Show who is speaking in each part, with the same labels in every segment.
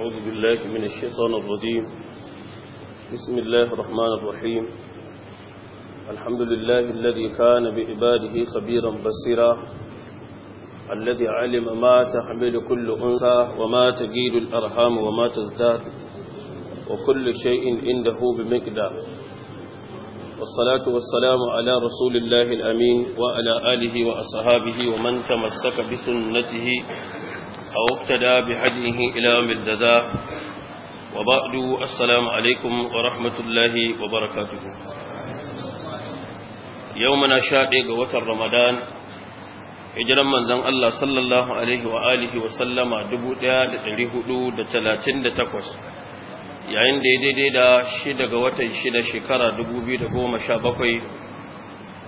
Speaker 1: أعوذ بالله من الشيطان الرجيم بسم الله الرحمن الرحيم الحمد لله الذي كان بعباده خبيرا بصيرا الذي علم ما تحمل كل أنثى وما تجيد الأرحام وما تزداد وكل شيء عنده بمقدار والصلاة والسلام على رسول الله الأمين وعلى آله وأصحابه ومن تمسك بسنته أو اقتدى بحجه إلى مدزا وبعد السلام عليكم ورحمة الله وبركاته يومنا شادق وتر رمضان hijiran manzon Allah sallallahu alaihi wa alihi wa sallama 1438 yayin da ya daidai da shida ga watan shida shekara 2017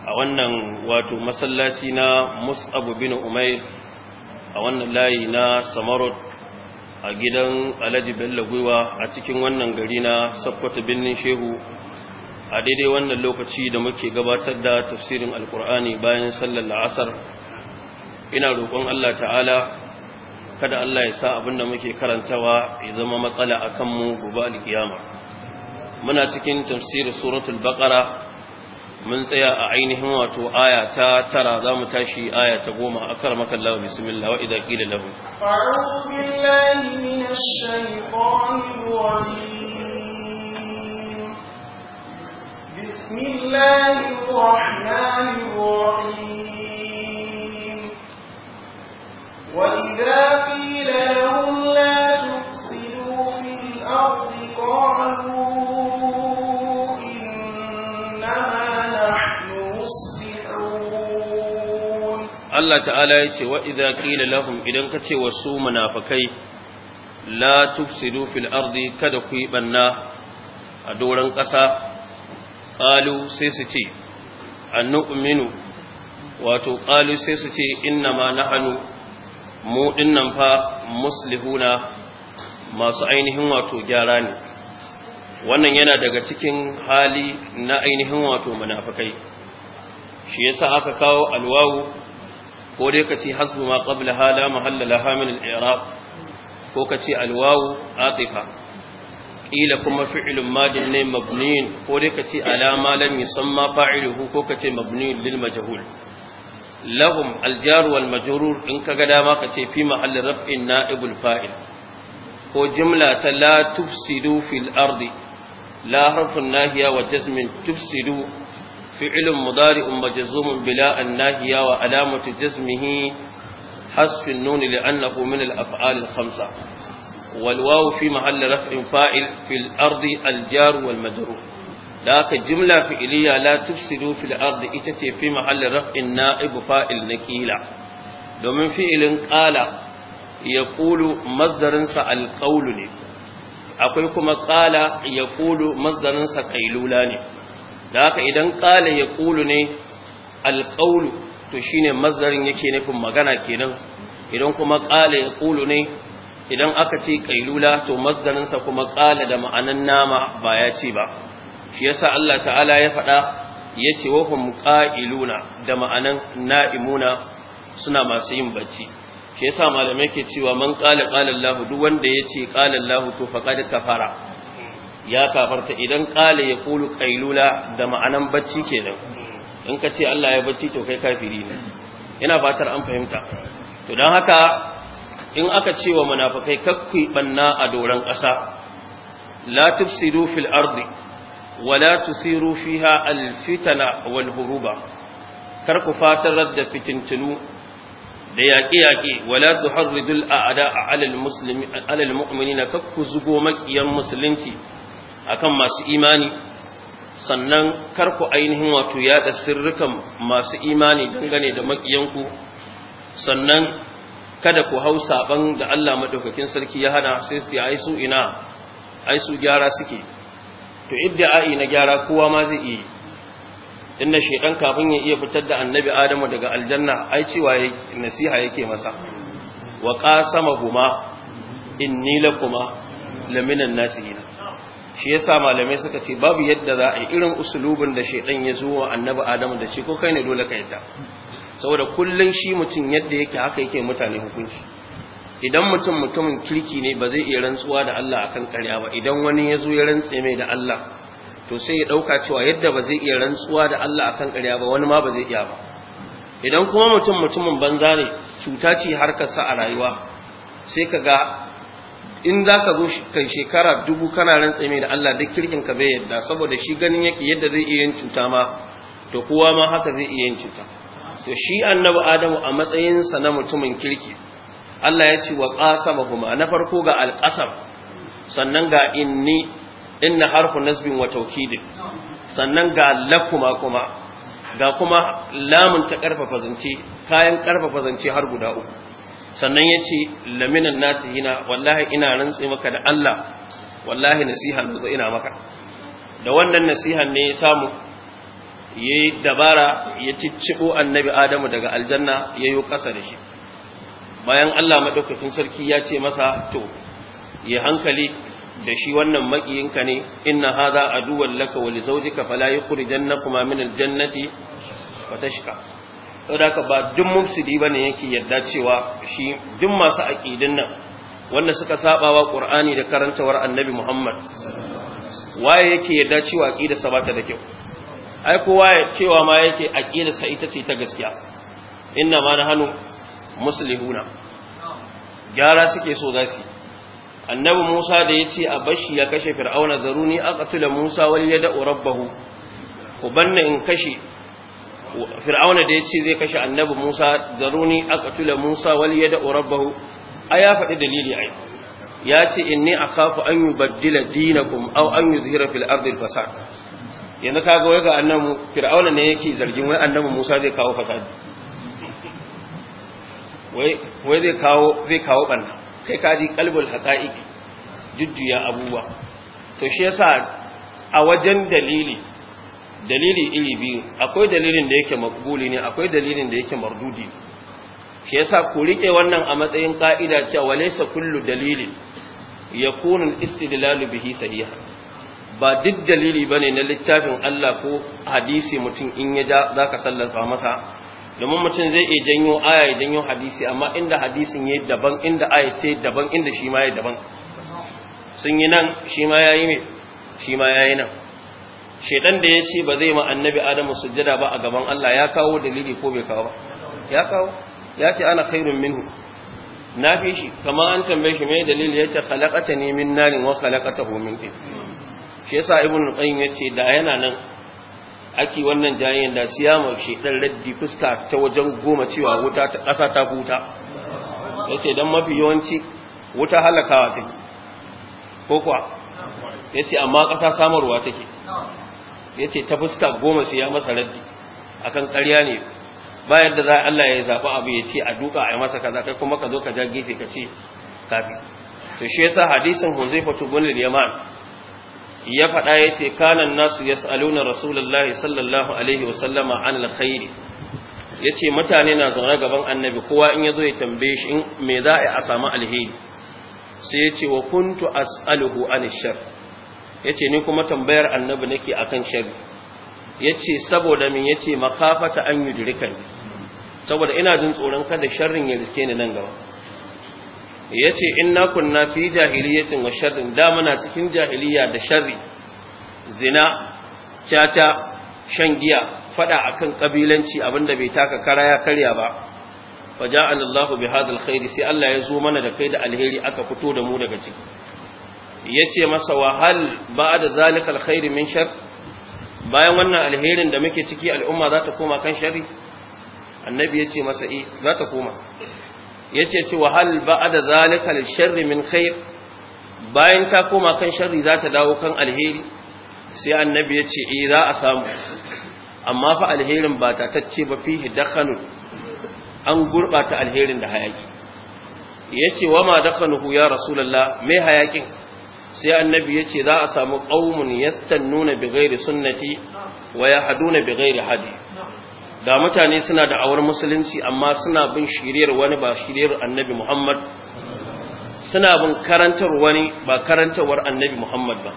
Speaker 1: a wannan wato masallaci na mus'abu bin Umair a wannan layi na samarot a gidan alaji bello gwiwa a cikin wannan gari na sakwata birnin shehu a daidai wannan lokaci da muke gabatar da tafsirin alkur'ani bayan sallar la'asar ina roƙon allah ta'ala kada allah ya sa abin da muke karantawa ya zama matsala a kanmu gobe alkiyama muna cikin tafsirin suratul baqara mun tsaya a ainihin wato aya ta tara za mu tashi aya ta goma a kar makallawa bismillah wa idha qila lahu
Speaker 2: a'udhu billahi minash shaitanir rajim bismillahir rahmanir rahim wa idha qila
Speaker 1: Allah ta'ala ya ce wa idza qila lahum idan ka ce wasu munafikai la tufsidu fil ardi kada ku yi banna a doran ƙasa qalu sai su ce annu'minu wato qalu sai su ce ma nahnu mu dinnan fa muslihuna masu ainihin wato gyara ne wannan yana daga cikin hali na ainihin wato munafikai shi yasa aka kawo alwawu ko dai ka ce hasbu ma qabla hala mahalla laha min al-i'rab ko ka ce al-wawu atifa Ƙila kuma fi'lun madin ne mabniin ko dai ka ce alama lam yusamma fa'iluhu ko ka ce mabniin lil majhul lahum al-jar wal majrur in dama ka ce fi mahalli raf'in na'ibul fa'il ko jumla ta la tufsidu fil ardi la harfun nahiya wa jazmin tufsidu فعل مضارع مجزوم بلا الناهية وعلامة جزمه حذف النون لأنه من الأفعال الخمسة والواو في محل رفع فاعل في الأرض الجار والمجرور ذاك جملة فعلية لا تفسد في الأرض إتتي في محل رفع نائب فاعل نكيلة ومن فعل قال يقول مصدر القول لي أقول كما قال يقول مصدر قيلولا لي da haka idan ƙala ya ƙulu ne alƙaulu to shine mazarin yake nufin magana kenan idan kuma ƙala ya ƙulu ne idan aka ce ƙailula to mazarinsa kuma ƙala da ma'anan nama ba ya ce ba shi yasa Allah ta'ala ya faɗa ya ce wahum ƙa'iluna da ma'anan na'imuna suna masu yin bacci shi yasa malamai ke cewa man ƙala ƙala Allah duk wanda ya ce ƙala Allah to faƙad kafara ya kafarta idan ya kulu ƙailula, da ma'anan bacci kenan in ka ce Allah ya bacci to kai kafiri ne yana fatar an fahimta to dan haka in aka ce wa munafikai kakku banna a doran ƙasa la tufsidu fil ardi wa la tusiru fiha al fitana wal huruba kar ku fatar da fitintunu da yaƙi-yaƙi wala tuharridul a'da ala al-muslimi ala al-mu'minina kakku zugo makiyan musulunci akan masu imani sannan kar ku ainihin wato yada sirrukan masu imani dangane da makiyanku sannan kada ku hau saban da Allah madaukakin sarki ya hana sai su ai su ina ai su gyara suke to idda'i na gyara kowa ma zai yi inna shaytan kafin ya iya fitar da annabi Adamu daga aljanna ai cewa nasiha yake masa wa huma inni lakuma laminan nasihin shi yasa malamai suka ce babu yadda za a yi irin usulubin da shaidan ya zo wa annabi adamu da shi ko kai ne dole ka yadda saboda kullun shi mutum yadda yake haka yake mutane hukunci idan mutum mutumin kirki ne ba zai iya rantsuwa da Allah akan ƙarya ba idan wani ya zo ya rantse mai da Allah to sai ya dauka cewa yadda ba zai iya rantsuwa da Allah akan ƙarya ba wani ma ba zai iya ba idan kuma mutum mutumin banza ne cuta ce sa a rayuwa sai ka ga in za ka zo kai shekara dubu kana rantsame tsaye da Allah duk kirkin ka bai yadda saboda shi ganin yake yadda zai iya yin cuta ma to kowa ma haka zai iya yin cuta to shi annabi adamu a matsayinsa na mutumin kirki Allah ya ce wa qasama huma na farko ga alqasam sannan ga inni inna harfu nasbin wa tawkid sannan ga lakuma kuma ga kuma lamun ta karfafa zance kayan karfafa zance har guda uku sannan ya ce laminan nasu hina wallahi ina rantse maka da Allah wallahi nasiha na ina maka da wannan nasihan ne ya samu ya yi dabara ya cicciɓo annabi adamu daga aljanna ya yi ƙasa da shi bayan Allah maɗaukakin sarki ya ce masa to ya hankali da shi wannan makiyinka ne inna hadha aduwwan laka wa li zawjika fala kuma min al-jannati wa saboda ba duk mufsidi bane yake yadda cewa shi duk masu aqidin nan wanda suka saba wa qur'ani da karantawar annabi Muhammad waye yake yadda cewa aqida sa bata da kyau ai kowa ya cewa ma yake aqida sa ita ce ta gaskiya inna ma nahnu muslihuna gyara suke so zasu annabi Musa da yace a bashi ya kashe fir'auna zaruni aqtula Musa wal yad'u rabbahu ku banna in kashe fir'auna da ya ce zai kashe annabi musa zaruni aqtula musa wal yada rabbahu a ya faɗi dalili ai ya ce in inni akhafu an yi yubaddila dinakum au an yuzhira fil ardi al fasad yanzu kaga wai ga annabi fir'auna ne yake zargin wai annabi musa zai kawo fasadi wai zai kawo zai kawo banna kai ka ji kalbul haqa'iq jujjuya abubuwa to shi yasa a wajen dalili dalili iri biyu akwai dalilin da yake makbuli ne akwai dalilin da yake mardudi shi yasa ku rike wannan a matsayin ka'ida cewa walaysa kullu dalilin yakunu al istidlal bihi sahiha ba duk dalili bane na littafin Allah ko hadisi mutum in ya da zaka sallasa masa domin mutum zai iya janyo aya ya janyo hadisi amma inda hadisin yayi daban inda aya ce daban inda shi ma yayi daban sun yi nan shi ma yayi ne shi ma yayi nan shedan da ya ce ba zai ma annabi adamu sujjada ba a gaban Allah ya kawo dalili ko bai kawo ba? ya kawo ya ce ana khairun minhu na fi shi kamar an tambaye shi mai dalili ya ce khalaqata ni min narin wa khalaqatahu min tin shi yasa ibnu qayyim ya ce da yana nan aki wannan jayayen da siyama shedan raddi fuska ta wajen goma cewa wuta ta kasa ta huta Ya ce dan mafi yawanci wuta halakawa take ko kuwa ce amma kasa samarwa take ya ce ta fuska goma sai ya masa raddi akan karya ne bayan da za Allah ya zaɓi abu ya ce a duka a masa kaza kai kuma ka zo ka ja gefe ka ce kafi to shi yasa hadisin Huzaifa ibn al-Yaman ya faɗa ya ce kanan nasu yas'aluna rasulullahi sallallahu alaihi wa sallama an al Ya yace mutane na zaune gaban annabi kowa in ya zo ya tambaye shi me za a samu alheri sai yace wa kuntu as'aluhu an shar yace ni kuma tambayar annabi nake akan sharri yace saboda min yace makafata an yi yudrikan saboda ina jin tsoron kada sharrin ya riske ni nan gaba yace na kunna fi jahiliyatin wa sharrin da muna cikin jahiliya da sharri zina caca shan giya fada akan kabilanci abinda bai taka kara ya karya ba faja'alallahu bihadhal khairi sai Allah ya zo mana da kai da alheri aka fito da mu daga ciki Ya ce masa wahal hal ba'da zalika alkhair min shar bayan wannan alherin da muke ciki al'umma za ta koma kan shari annabi ya ce masa eh za ta koma Ya ce wa hal ba'da zalikar shari min khair bayan ta koma kan shari za ta dawo kan alheri sai annabi ya ce eh za a samu amma fa alherin ba ta tacce ba fihi dakhanu an gurɓata alherin da hayaki ce wa ma dakhanuhu ya rasulullah me hayakin sai annabi ya ce za a samu ƙaumun yastan nuna bigairi sunnati wa ya haduna bigairi hadi da mutane suna da awar musulunci amma suna bin shiriyar wani ba shiriyar annabi muhammad suna bin karantar wani ba karantarwar annabi muhammad ba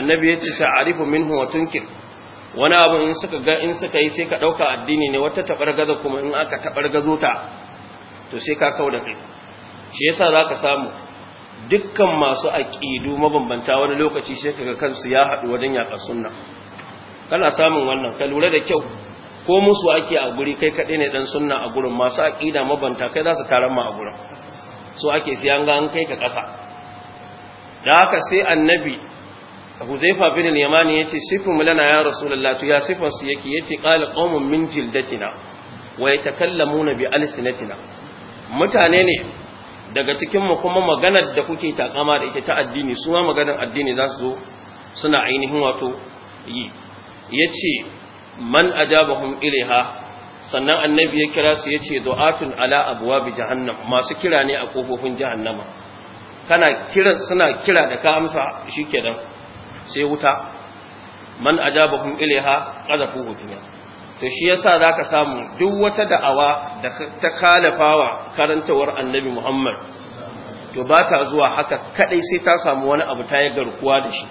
Speaker 1: annabi ya ce arifu minhu wa tunkir wani abu in suka ga in suka yi sai ka ɗauka addini ne wata taɓar gaza kuma in aka taɓar gazo ta to sai ka kau da kai shi yasa za ka samu dukkan masu aƙidu mabambanta wani lokaci sai kaga kansu ya haɗu wajen yaƙar sunna kana samun wannan ka lura da kyau ko musu ake a guri kai kaɗai ne ɗan sunna a gurin masu aƙida mabanta kai za su taron ma a gurin so ake siyan ga an kai ka ƙasa da haka sai annabi huzaifa bin yamani ya ce sifin mulana ya rasulullah ya sifin su yake ya ce ƙala ƙaumin min jildatina wa ya takallamu na bi alisinatina mutane ne daga cikinmu kuma maganar da kuke takama da ita ta addini su ma maganar addini za su zo suna ainihin wato yi ya ce man ajabahum ilaiha sannan annabi ya kira su ya ce du'atun ala abuwa bi jahannam masu kira ne a kofofin jahannama kana kira suna kira da ka amsa shikenan sai wuta man ajabahum ilaiha qadafu hudiyya to shi yasa ka samu duk wata da'awa da ta kalafawa karantawar annabi Muhammad to ba ta zuwa haka kadai sai ta samu wani abu ta yi garkuwa da shi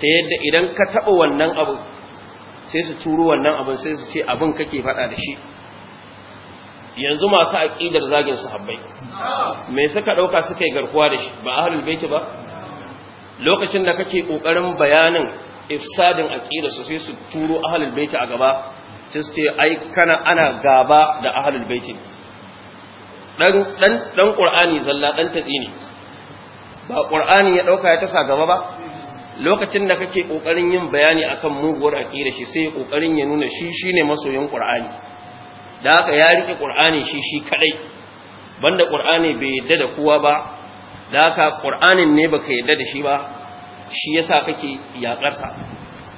Speaker 1: ta yadda idan ka taɓa wannan abu sai su turo wannan abin sai su ce abin kake faɗa da shi yanzu masu aƙidar zagin su Habbai? me suka ɗauka suka yi garkuwa da shi ba ahlul baiti ba lokacin da kake ƙoƙarin bayanin ifsadin aƙidar su sai su turo ahlul baiti a gaba sai ce ai kana ana gaba da ahlul baitin dan dan dan qur'ani zalla dan tatsi ne ba qur'ani ya dauka ya tasa gaba ba lokacin da kake kokarin yin bayani akan muguwar aqida shi sai kokarin ya nuna shi shine masoyin qur'ani da haka ya rike qur'ani shi shi kadai banda qur'ani bai yadda da kowa ba da haka qur'anin ne baka yadda da shi ba shi yasa kake yakarsa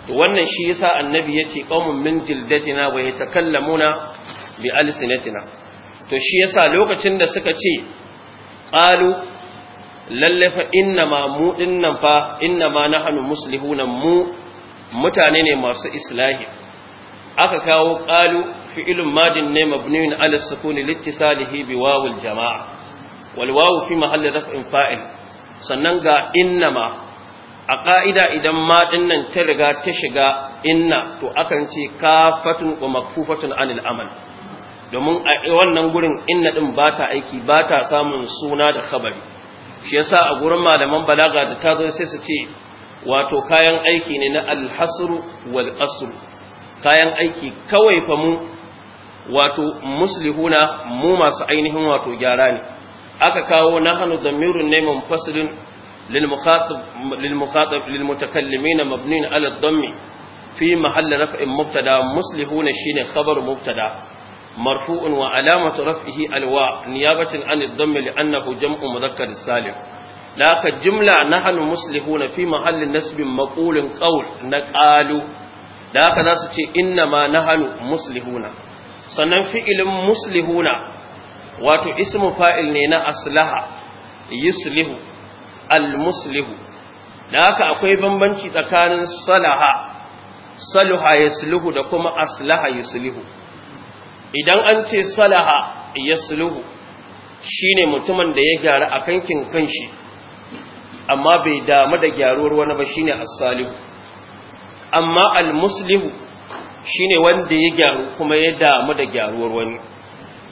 Speaker 1: to wannan shi yasa annabi yace qaumun min jildatina wa yatakallamuna bi alsinatina to shi yasa lokacin da suka ce qalu lalle innama mu dinnan fa innama nahnu muslihuna mu mutane ne masu islahi aka kawo qalu fi'ilun madin ne mabniun ala sukuni littisalihi bi wawil jamaa wal wawu fi mahalli raf'in fa'il sannan ga innama a ƙa'ida idan maɗin nan ta riga ta shiga inna to akan ce kafatun wa makufatun anil amal domin a wannan gurin inna ɗin ba ta aiki ba ta samun suna da khabari shi yasa a gurin malaman balaga da ta zo sai su ce wato kayan aiki ne na alhasru wal qasru kayan aiki kawai fa mu wato muslihuna mu masu ainihin wato gyara ne aka kawo hannu damirun ne mun fasilin للمخاطب للمخاطب للمتكلمين مبنين على الضم في محل رفع مبتدا مصلحون شين خبر مبتدا مرفوع وعلامة رفعه الواء نيابة عن الضم لأنه جمع مذكر السالم لك جملة نحن مصلحون في محل نسب مقول قول نقال لك ناس إنما نحن مصلحون sannan fi'ilin muslihuna wato ismu fa'il ne na aslaha yuslihu almuslihu da haka akwai bambanci tsakanin salaha saluha yasluhu da kuma aslaha yasluhu idan an ce salaha yasluhu shine mutumin da ya gyara akan kin kanshi amma bai damu da gyaruwar wani ba shine as-salihu amma al shine wanda ya gyaru kuma ya damu da gyaruwar wani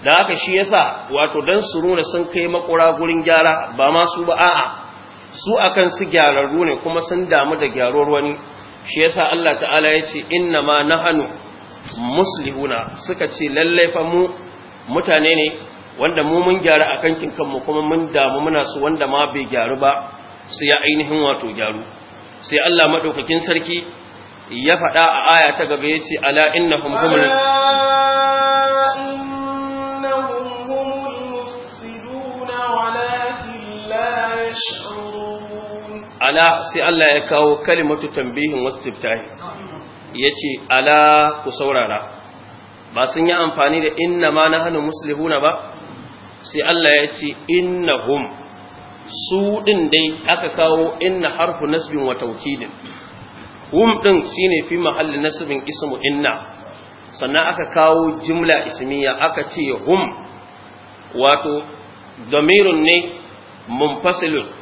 Speaker 1: da haka shi yasa wato dan suruna sun kai makura gurin gyara ba ma su ba a'a su akan su gyararru ne kuma sun damu da gyaruwar wani shi yasa Allah ta'ala ya ce inna ma nahanu muslihuna suka ce lallai mu mutane ne wanda mu mun gyara a kankin kanmu kuma mun damu muna su wanda ma bai gyaru ba su ya ainihin wato gyaru sai Allah maɗaukakin sarki ya faɗa a aya ta gaba ya ce ala innahum humul ala sai Allah ya kawo kalimatu tambihin ya yace ala ku saurara ba sun yi amfani da inna ma na nahnu muslihuna ba sai Allah ya ce inna hum su ɗin dai aka kawo inna harfu nasbin wa taukidin hum din shine fi mahallin nasbin ismu inna sannan aka kawo jimla ismiya aka ce hum wato damirun ne munfasilun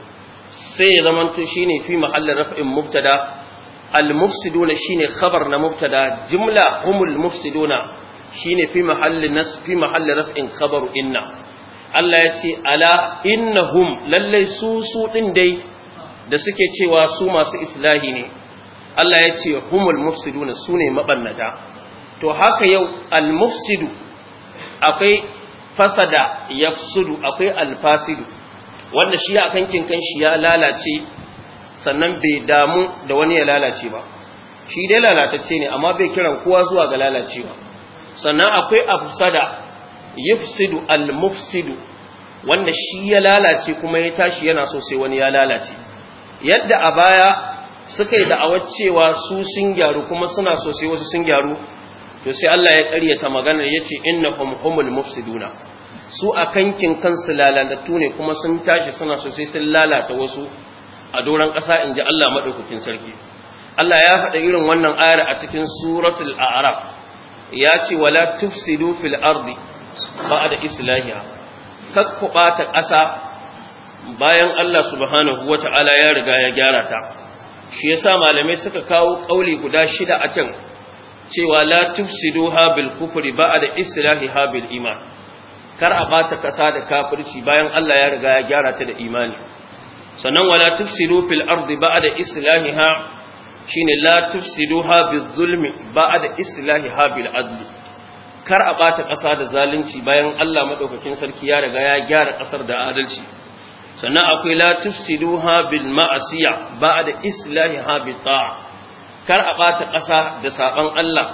Speaker 1: sai ya zamanto shine fi mahallin raf'in mubtada al-mufsiduna shine khabar na mubtada Jimla humul mufsiduna shine fi mahallin nas fi mahallin raf'in khabar inna Allah ya ce ala innahum lallai su su ɗin dai da suke cewa su masu islahi ne Allah ya ce humul mufsiduna sune maɓannata to haka yau al-mufsidu akwai fasada yafsudu akwai al-fasidu wanda shi a kankin shi ya lalace sannan bai damu da wani ya lalace ba shi dai lalatacce ne amma bai kiran kowa zuwa ga lalacewa sannan akwai afsada yufsidu almufsidu wanda shi ya lalace kuma ya tashi yana so sai wani ya lalace yadda a baya suka yi da'awar cewa su sun gyaru kuma suna so sai wasu sun gyaru to sai Allah ya ƙaryata maganar yace innahum humul mufsiduna su a kankin kansu lalatattu ne kuma sun tashi suna sosai sun lalata wasu a doron ƙasa in ji Allah maɗaukakin sarki Allah ya faɗa irin wannan ayar a cikin suratul a'raf ya ce wala tufsidu fil ardi ba da islahiya kakku ɓata ƙasa bayan Allah subhanahu ta'ala ya riga ya gyara ta shi yasa malamai suka kawo ƙauli guda shida a can cewa la tufsiduha bil kufri islahi ha bil iman kar a bata kasa da kafirci bayan Allah ya riga ya gyara ta da imani sannan wala tufsidu fil ardi ba'da islahiha shine la tufsiduha zulmi ba'da islahiha bil adl kar a bata kasa da zalunci bayan Allah madaukakin sarki ya riga ya gyara kasar da adalci sannan akwai la tufsiduha bil ma'asiya ba'da islahiha bi ta'a kar a bata kasa da saban Allah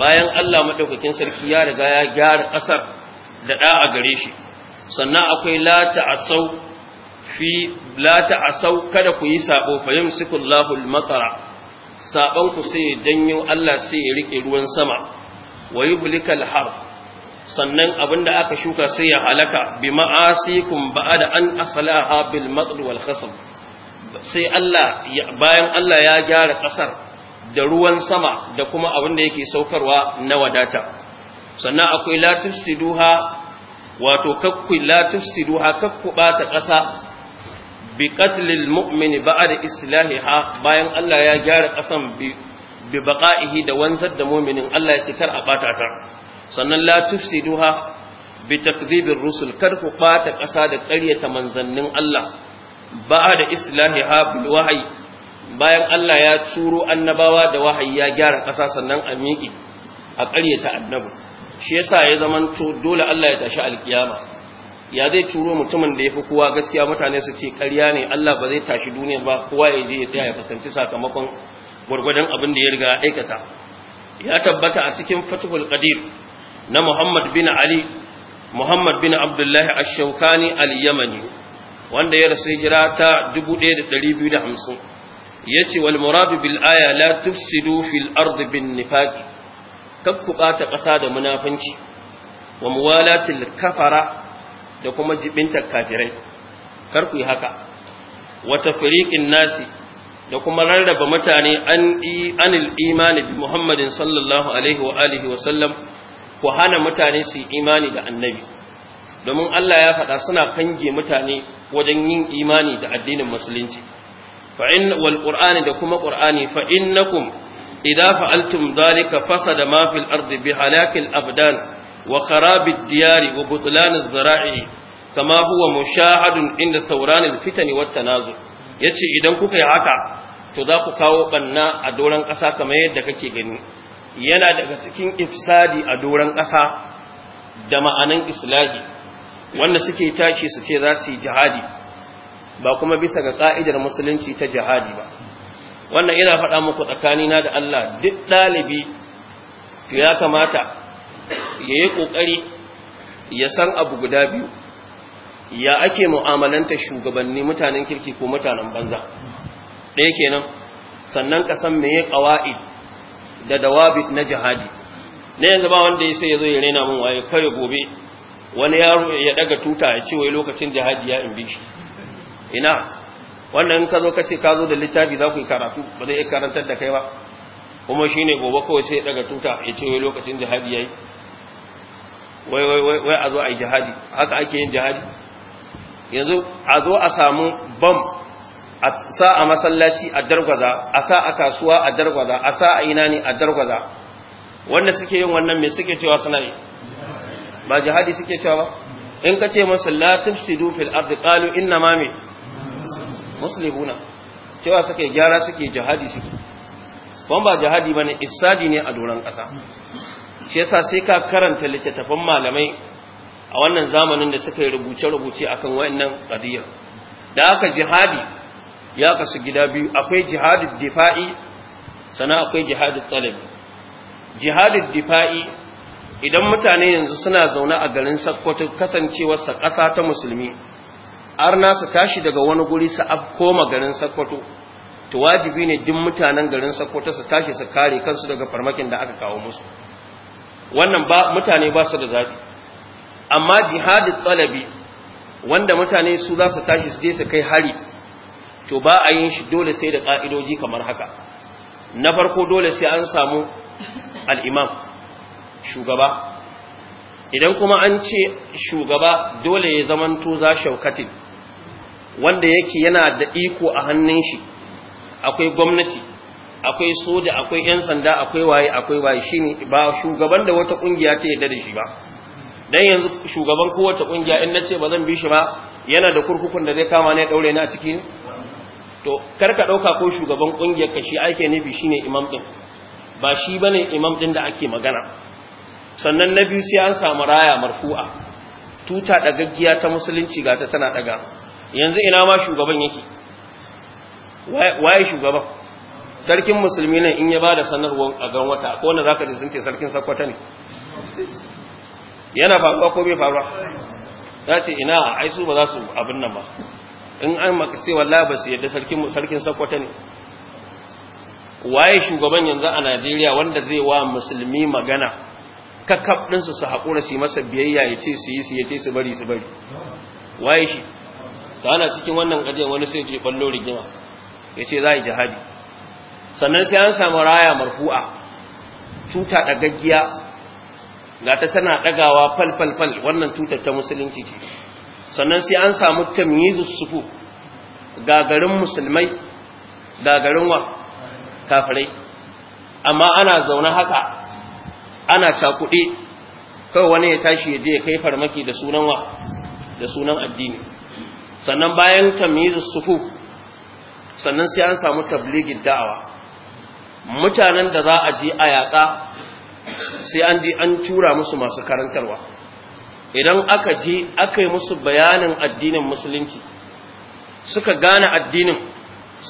Speaker 1: bayan Allah madaukakin sarki ya riga ya gyara kasar da ɗa a gare shi sannan akwai la ta'asau fi la ta'asau kada ku yi sabo fa yumsiku Allahu al-matara saban ku sai janyo Allah sai ya riƙe ruwan sama wa yi harf sannan abinda aka shuka sai ya halaka bi ma'asikum ba'da an asalaha bil matr wal khasab sai Allah bayan Allah ya gyara ƙasar da ruwan sama da kuma abinda yake saukarwa na wadata sannan akwai latif siduha wato kakku latif siduha kakku bata ƙasa bi qatlil mu'min ba'da islahiha bayan Allah ya gyara ƙasan bi baƙa'ihi da wanzar da mu'minin Allah ya ce kar a bata ta sannan latif siduha bi takdhibir rusul kar ku bata ƙasa da ƙaryata manzannin Allah ba'da islahiha bil wahyi bayan Allah ya turo annabawa da wahayi ya gyara ƙasa sannan a miƙi a ƙaryata annabi shi yasa ya zamanto dole Allah ya tashi alkiyama ya zai turo mutumin da ya fi kowa gaskiya mutane su ce ƙarya ne Allah ba zai tashi duniya ba kowa ya je ya tsaya ya fuskanci sakamakon gwargwadon abin da ya riga aikata ya tabbata a cikin fatihul qadir na Muhammad bin Ali Muhammad bin Abdullahi Ash-Shawkani al-Yamani wanda ya rasu hijira ta 1250 yace wal muradu bil aya la tufsidu fil ardi bin nifaqi ku ta ƙasa da munafunci wa muwalatil kafara da kuma jibinta kafirai kar ku yi haka Wata tafriqin nasi da kuma rarraba mutane an imani bi Muhammadin sallallahu alaihi wa alihi wa sallam ku hana mutane su imani da annabi domin Allah ya faɗa suna kange mutane wajen yin imani da addinin musulunci fa in wal da kuma ƙur'ani fa innakum idza fa'altum dhalika fasada ma fil ardi bi halakil abdan wa kharabid diyari wa butlan az-zara'i kama huwa mushahadun inda sauranil fitani wat yace idan kuka yi haka to za ku kawo banna a doron ƙasa kamar yadda kake gani yana daga cikin ifsadi a doron ƙasa da ma'anan islahi wanda suke tashi su ce za su yi jihadi ba kuma bisa ga ƙa'idar musulunci ta jihadi ba wannan ina faɗa muku tsakanina da Allah duk ɗalibi ya kamata ya yi ƙoƙari ya san abu guda biyu ya ake mu'amalanta shugabanni mutanen kirki ko mutanen banza ɗaya kenan sannan ka san meye ƙawa'id da dawabit na jihadi na yanzu ba wanda ya sai ya zo ya rena min waye kare gobe wani yaro ya daga tuta ya ce wai lokacin jihadi ya in bi shi ina wannan in ka zo ka ce ka zo da littafi za ku yi karatu ba zai iya karantar da kai ba kuma shi ne gobe kawai sai daga tuta ya ce wai lokacin jihadi ya yi wai wai wai a zo a yi jihadi haka ake yin jihadi yanzu a zo a samu bam a sa a masallaci a dargwaza a sa a kasuwa a dargwaza a sa a ina ne a dargwaza wanda suke yin wannan me suke cewa suna yi ba jihadi suke cewa ba in ka ce masu la tufsidu fil ardi qalu inna ma min muslihuna cewa suke gyara suke jihadi suke ban ba jihadi bane isadi ne a doron ƙasa shi yasa sai ka karanta littattafan malamai a wannan zamanin da suka yi rubuce-rubuce akan wayannan qadiyar da aka jihadi ya kasu gida biyu akwai jihadin difa'i sana akwai jihadin talabi jihadin difa'i idan mutane yanzu suna zaune a garin sakkwato kasancewarsa ƙasa ta musulmi arna su tashi daga wani guri su koma garin sakkwato to wajibi ne duk mutanen garin sakkwato su tashi su kare kansu daga farmakin da aka kawo musu wannan ba mutane ba su da zafi amma jihadi talabi wanda mutane su za su tashi su je su kai hari to ba a yin shi dole sai da ka'idoji kamar haka na farko dole sai an samu al'imam shugaba idan kuma an ce shugaba dole ya zamanto za shaukatin wanda yake yana da iko a hannun shi akwai gwamnati akwai soja akwai 'yan sanda akwai waye akwai waye shine ba shugaban da wata kungiya ta yadda da shi ba dan yanzu shugaban kowace kungiya in nace ba zan bi shi ba yana da kurkukun da zai kama ne daure a ciki to karka dauka ko shugaban kungiyar ka shi ake nufi shine imam din ba shi bane imam din da ake magana sannan na biyu sai an samu raya marfu'a tuta dagaggiya ta musulunci ga ta tana daga yanzu ina ma shugaban yake waye shugaban sarkin musulmi nan in ya ba da sanarwar a gan wata ko wanda za ka sun ce sarkin sakwata ne yana faruwa ko bai faruwa Ya ce ina ai su ba za su abin nan ba in an makasai wallah ba su yadda sarkin sarkin sakwata ne waye shugaban yanzu a najeriya wanda zai wa musulmi magana kakaf ɗinsu su haƙura su yi masa biyayya ya ce su yi su ya ce su bari su bari waye shi to ana cikin wannan ajiyar wani sai je ballo rigima ya ce za a yi jihadi sannan sai an samu raya marfu'a tuta ɗagaggiya ga ta tana ɗagawa fal-fal-fal wannan tutar ta musulunci ce sannan sai an samu tamyizus sufu gagarin musulmai gagarin wa kafirai amma ana zaune haka ana cakuɗe kawai wani ya tashi ya je ya kai farmaki da sunan wa da sunan addini sannan bayan tamyizu sufu sannan sai an samu tabligin da'awa mutanen da za a ji a yaƙa sai an ji an tura musu masu karantarwa idan aka ji aka yi musu bayanin addinin musulunci suka gane addinin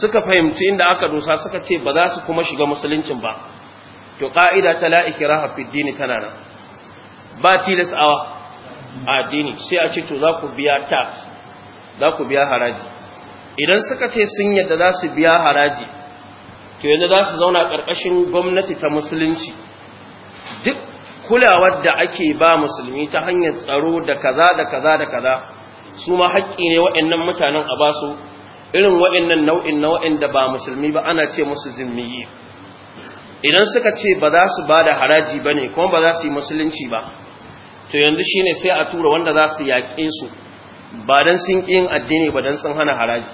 Speaker 1: suka fahimci inda aka dosa suka ce ba za su kuma shiga musuluncin ba to ƙa'ida ta raha fiddini tana nan ba tilas awa a addini sai a ce to za ku biya tax za ku biya haraji idan suka ce sun yadda za su biya haraji to yanzu za su zauna ƙarƙashin gwamnati ta musulunci duk kulawar da ake ba musulmi ta hanyar tsaro da kaza da kaza da kaza su ma haƙƙi ne waɗannan mutanen a ba su irin waɗannan nau'in na waɗanda ba musulmi ba ana ce musu zimmiyi idan suka ce ba za su ba da haraji ba ne kuma ba za su yi musulunci ba to yanzu shine sai a tura wanda za su yaƙe su ba don sun yin addini ba don sun hana haraji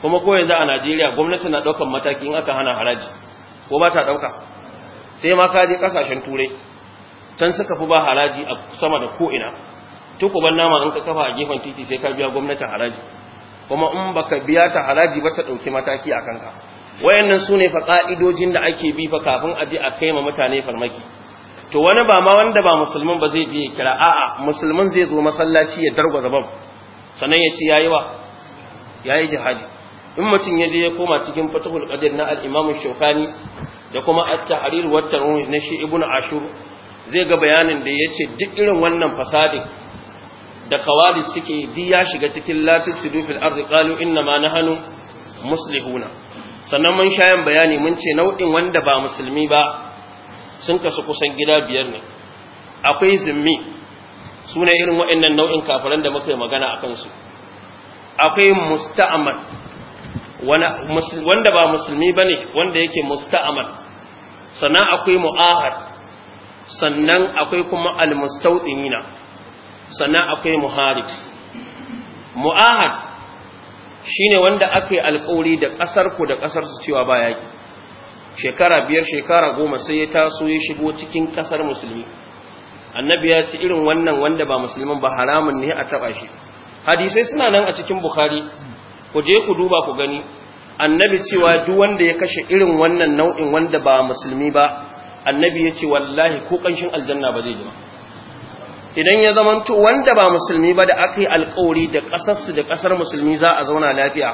Speaker 1: kuma ko yanzu a Najeriya gwamnati na daukan mataki in aka hana haraji ko ba ta ɗauka. sai ma ka je kasashen turai can suka fi ba haraji a sama da ko'ina. ina tukuban nama in ka kafa a gefen titi sai ka biya gwamnati haraji kuma in ba ka biya ta haraji ba ta ɗauki mataki a kanka wayannan su ne fa ka'idojin da ake bi fa kafin a je a kai ma mutane farmaki to wani ba ma wanda ba musulmin ba zai je kira a'a musulmin zai zo masallaci ya dargwaza bam sannan ya ce ya yi wa ya jihadi in mutum ya je ya koma cikin fatahul qadir na al-imam shaukani da kuma at-tahrir wa tarwih na shi ibn ashur zai ga bayanin da yace duk irin wannan fasadin da kawali suke di ya shiga cikin latisidu fil ardi qalu inna ma nahanu muslihuna sannan mun shayan bayani mun ce nau'in wanda ba musulmi ba sun kasu kusan gida biyar ne akwai zimmi su ne irin waɗannan nau'in kafiran da muka yi magana a kansu akwai musta'amal wanda ba musulmi ba ne wanda yake musta'amal sannan akwai mu'ahad sannan akwai kuma al-mustaudina sannan akwai muharib mu'ahad shine wanda aka yi da ƙasar ku da ƙasar su cewa ba yaƙi shekara biyar shekara goma sai ya taso ya shigo cikin ƙasar musulmi annabi ya ci irin wannan wanda ba musulmin ba haramun ne a taba shi hadisai suna nan a cikin bukhari ku je ku duba ku gani annabi cewa duk wanda ya kashe irin wannan nau'in wanda ba musulmi ba annabi ya ce wallahi ko kanshin aljanna ba zai ji idan ya zamanto wanda ba musulmi ba da aka yi alkawari da su da kasar musulmi za a zauna lafiya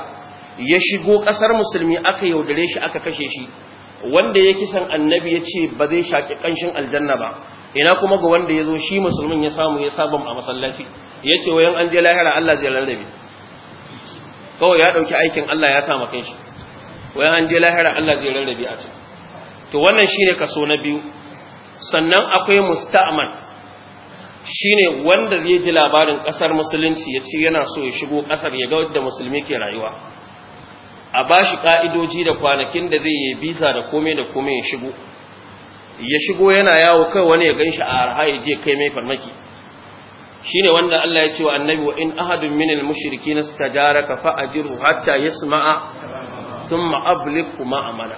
Speaker 1: ya shigo ƙasar musulmi aka yaudare shi aka kashe shi wanda ya kisan annabi ya ce ba zai shaƙi ƙanshin aljanna ba ina kuma ga wanda ya zo shi musulmin ya samu ya sabon a masallaci ya ce wayan an je lahira Allah zai rarrabe kawai ya ɗauki aikin Allah ya sa makan shi wayan an je lahira Allah zai rarrabe a can to wannan shine kaso na biyu sannan akwai musta'man shine wanda zai ji labarin ƙasar musulunci ya ce yana so ya shigo ƙasar ya ga wadda musulmi ke rayuwa a bashi ka'idoji da kwanakin da zai yi bisa da komai da komai ya shigo ya shigo yana yawo kai wani ya ganshi a arha ya je kai mai farmaki shine wanda Allah ya ce wa annabi wa in ahadun al mushrikin istajaraka fa ajiru hatta yasma'a thumma sun ma amala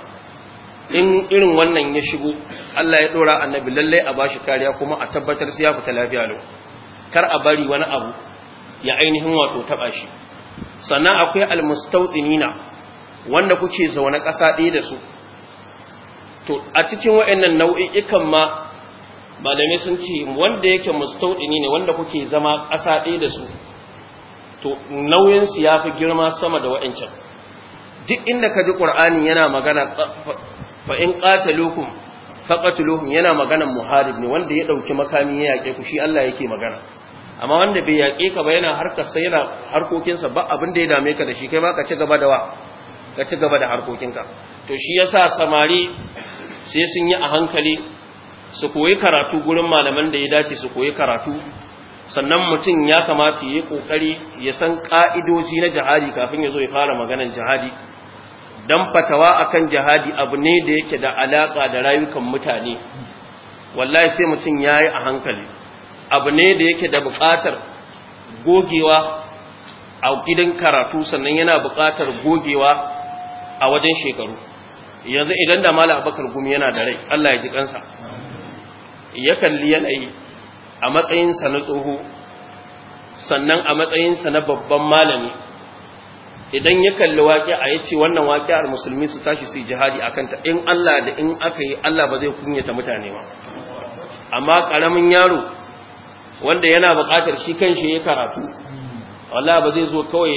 Speaker 1: in irin wannan ya shigo Allah ya dora annabi lalle a bashi kariya kuma a tabbatar sai ya fita lafiya lo kar a bari wani abu ya ainihin wato taba shi sannan akwai al-mustawdinina wanda kuke zaune ƙasa ɗaya da su to a cikin wa'annan nau'i'ikan ma malamai sun ce wanda yake mustaudini ne wanda kuke zama ƙasa ɗaya da su to nauyinsu ya fi girma sama da wa'ancan duk inda ka ji ƙur'ani yana magana fa in qataluhum faqatuluhum yana magana muharib ne wanda ya ɗauki makami ya yake ku shi Allah yake magana amma wanda bai yaƙe ka ba yana harkar sai yana harkokinsa ba abin da ya dame ka da shi kai ma ka ci gaba da wa ka ci gaba da harkokinka to shi yasa samari sai sun yi a hankali su koyi karatu gurin malaman da ya dace su koyi karatu sannan mutum ya kamata ya kokari ya san ka'idoji na jihadi kafin ya zo ya fara maganar jihadi Don fatawa a kan jihadi abu ne da yake da alaƙa da rayukan mutane wallahi sai mutum ya yi a hankali abu ne da yake da buƙatar gogewa a gidan karatu sannan yana buƙatar gogewa a wajen shekaru yanzu idan da mala abakar gumi yana da rai Allah ya ji kansa ya kalli yanayi a matsayinsa na tsoho sannan a matsayinsa na babban malami idan ya kalli waƙi a ya ce wannan a musulmi su tashi su yi jihadi a kanta in Allah da in aka yi Allah ba zai kunyata mutane ba amma ƙaramin yaro wanda yana buƙatar shi kan shi ya karatu wallahi ba zai zo kawai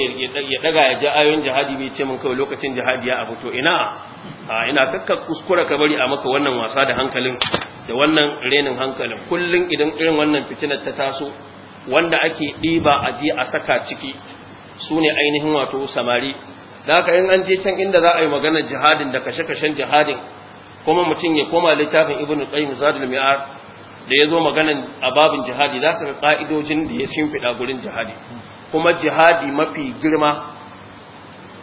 Speaker 1: ya daga ya ja ayoyin jihadi bai ce mun kawai lokacin jihadi ya abu to ina ina kakka kuskura ka bari a maka wannan wasa da hankalin da wannan renin hankalin kullun idan irin wannan fitinar ta taso wanda ake diba a je a saka ciki sune ainihin wato samari da haka in an je can inda za a yi maganar jihadin da kashe-kashen jihadin kuma mutum ya koma littafin ibnu qayyim zadul mi'ar da ya zo maganan a babin jihadi za ka ga ka'idojin da ya shimfiɗa gurin jihadi kuma jihadi mafi girma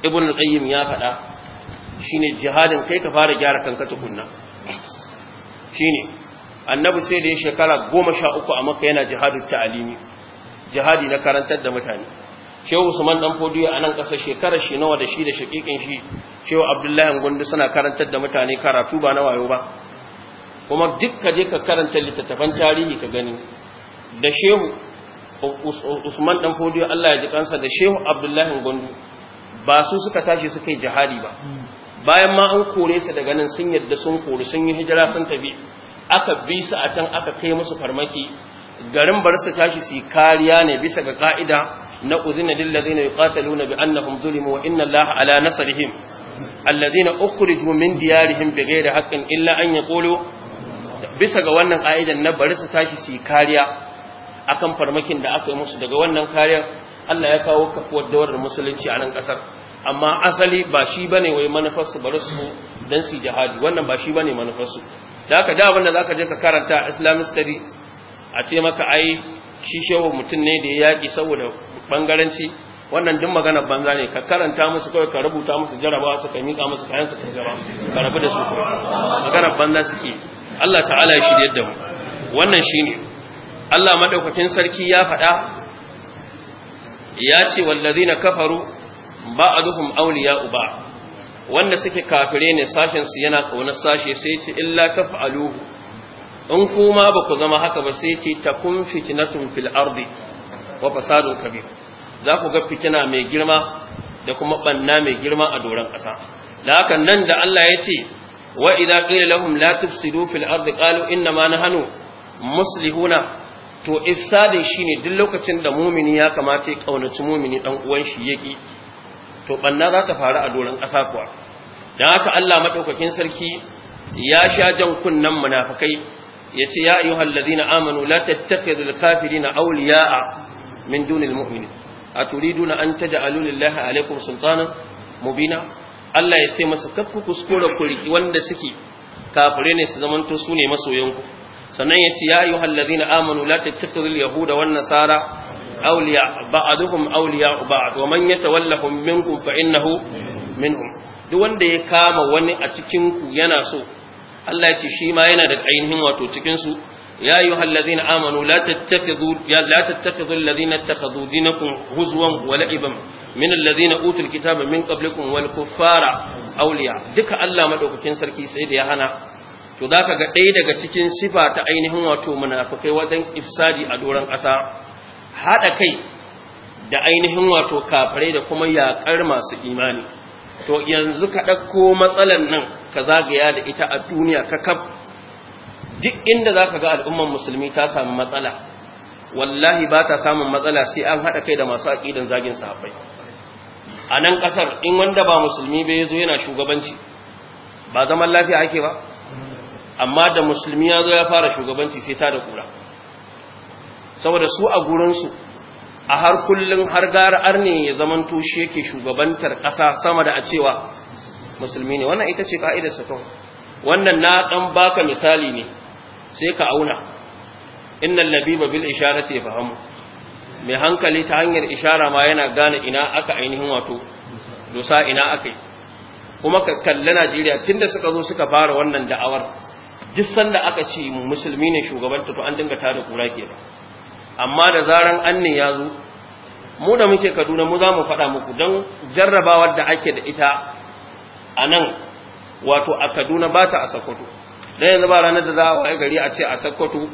Speaker 1: ibn al-qayyim ya faɗa shine jihadin kai ka fara gyara kanka tukunna shine annabi sai da ya shekara 13 a makka yana jihadu ta'alimi jihadi na karantar da mutane shehu usman dan fodiyo a nan kasar shekarar shi nawa da shi da shakikin shi shehu abdullahi gundu suna karantar da mutane karatu ba na wayo ba kuma duk ka je ka karanta littattafan tarihi ka gani da shehu Usman dan Fodiyo Allah ya ji kansa da Shehu Abdullahi Gondo ba su suka tashi suka yi jihadi ba bayan ma an kore su daga nan sun yadda sun kore sun yi hijira sun tafi aka bi su a can aka kai musu farmaki garin bar su tashi su kariya ne bisa ga ka'ida na uzina lil ladina yuqataluna bi annahum zulimu wa inna allaha ala nasrihim alladhina ukhriju min diyarihim bighairi haqqin illa an yaqulu bisa ga wannan ka'idan na bar su tashi su kariya akan farmakin da aka yi musu daga wannan kariyar Allah ya kawo kafuwar wadda musulunci a nan kasar amma asali ba shi bane wai manufarsu bari su dan su jihadi wannan ba shi bane manufarsu da aka da wanda zaka je ka karanta Islamic study a ce maka ai shi shehu mutum ne da ya yaki saboda bangaranci wannan duk magana banza ne ka karanta musu kawai ka rubuta musu jaraba su ka miƙa musu kayan su ka ka rabu da su magana banza suke Allah ta'ala ya shirye da mu wannan shine Allah madaukakin sarki ya faɗa ya ce na kafaru ba'aduhum awliya'u ba wanda suke kafire ne sashensu su yana ƙaunar sashe, sai ce illa taf'alu in kuma ba ku zama haka ba sai ce takun fitnatun fil ardi wa fasadun kabir za ku ga fitina mai girma da kuma banna mai girma a doron ƙasa da haka nan da Allah ya ce wa idza qila lahum la tufsidu fil ardi qalu inna ma nahnu muslihuna to ifsadin shine duk lokacin da mumini ya kamata ya kaunaci mumini dan uwan shi yaki to banna za ta faru a doron ƙasa kuwa dan haka Allah madaukakin sarki ya sha jan kunnan munafikai yace ya ayyuhal ladina amanu la tattakhidul kafirina awliya'a min dunil mu'minin aturiduna an taj'alu lillahi alaykum sultanan mubina Allah ya ce masa kafku kuskura ku wanda suke kafire ne su zamanto su ne masoyanku sannan ya ce ya yi hallazina amanu la tattakidul yahuda nasara awliya ba'aduhum awliya ba'd wa man yatawallahum minkum fa innahu minhum duk wanda ya kama wani a cikinku yana so Allah ya ce shi ma yana daga ainihin wato cikinsu. su ya yi hallazina amanu la tattakidul ya la tattakidul ladina takhadhu dinakum huzwan wa la'iban utul kitaba min qablikum wal kuffara duka Allah madaukakin sarki sai da ya hana to za ka ga ɗaya daga cikin sifa ta ainihin wato munafukai wajen ifsadi a doron ƙasa haɗa kai da ainihin wato kafirai da kuma yaƙar masu imani to yanzu ka ɗauko matsalan nan ka zagaya da ita a duniya ka kaf duk inda za ka ga al'ummar musulmi ta samu matsala wallahi ba ta samun matsala sai an haɗa kai da masu aƙidan zagin sahabbai a nan ƙasar in wanda ba musulmi bai zo yana shugabanci ba zaman lafiya ake ba amma da musulmi ya zo ya fara shugabanci sai ta da kura saboda su a gurinsu a har kullum har gara arne ya zamanto shi yake shugabantar ƙasa sama da a cewa musulmi ne wannan ita ce ka'idar sakon wannan na ɗan baka misali ne sai ka auna innal labiba bil isharati fahamu mai hankali ta hanyar ishara ma yana gane ina aka ainihin wato dosa ina aka yi kuma ka kalli Najeriya tunda suka zo suka fara wannan da'awar duk sanda aka ce musulmi ne shugabanta to an dinga tada kura ke amma da zaran annin ya zo mu da muke kaduna mu za mu faɗa muku don jarrabawar da ake da ita anan, nan wato a kaduna ba ta a Sokoto. dan yanzu ba ranar da za a waye gari a ce a Sokoto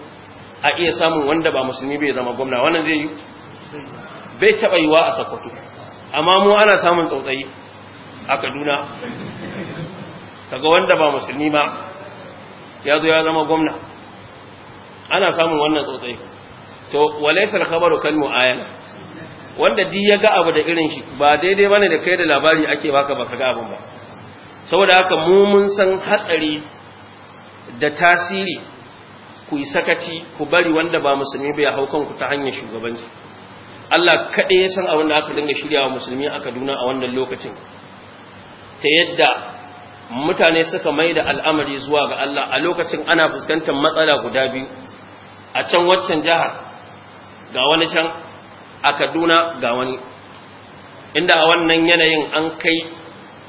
Speaker 1: a iya samun wanda ba musulmi bai zama gwamna wannan zai yi bai taɓa yiwa a Sokoto. amma mu ana samun tsautsayi a kaduna kaga wanda ba musulmi ba ya zo ya zama gwamna ana samun wannan tsotsai to walaisar kabaru kan mu'ayana wanda di ya ga abu da irin shi ba daidai bane da kai da labari ake baka baka ga abin ba saboda haka mu mun san hatsari da tasiri ku yi sakaci ku bari wanda ba musulmi ba ya hau kanku ta hanyar shugabanci Allah kaɗai ya san abin da aka dinga shirya wa musulmi a Kaduna a wannan lokacin ta yadda mutane suka mai da al'amari zuwa ga Allah a lokacin ana fuskantar matsala guda biyu a can waccan jihar ga wani can a kaduna ga wani inda a wannan yanayin an kai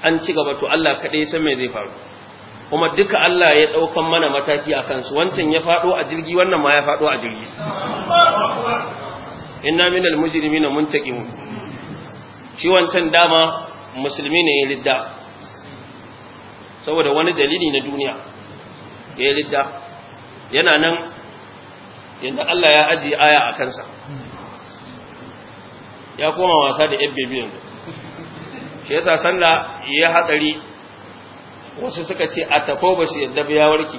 Speaker 1: an ci gaba to Allah kaɗai san mai zai faru kuma duka Allah ya ɗaukan mana mataki a kansu wancan ya faɗo a jirgi wannan ma ya faɗo a jirgi inna min al mujrimina muntaqimun shi wancan dama musulmi ne ya lidda saboda wani dalili na duniya ya yi lidda yana nan yadda Allah ya aji aya a kansa ya koma wasa da yan bebi shi yasa sanda ya hatsari wasu suka ce a tako ba su yadda ya warki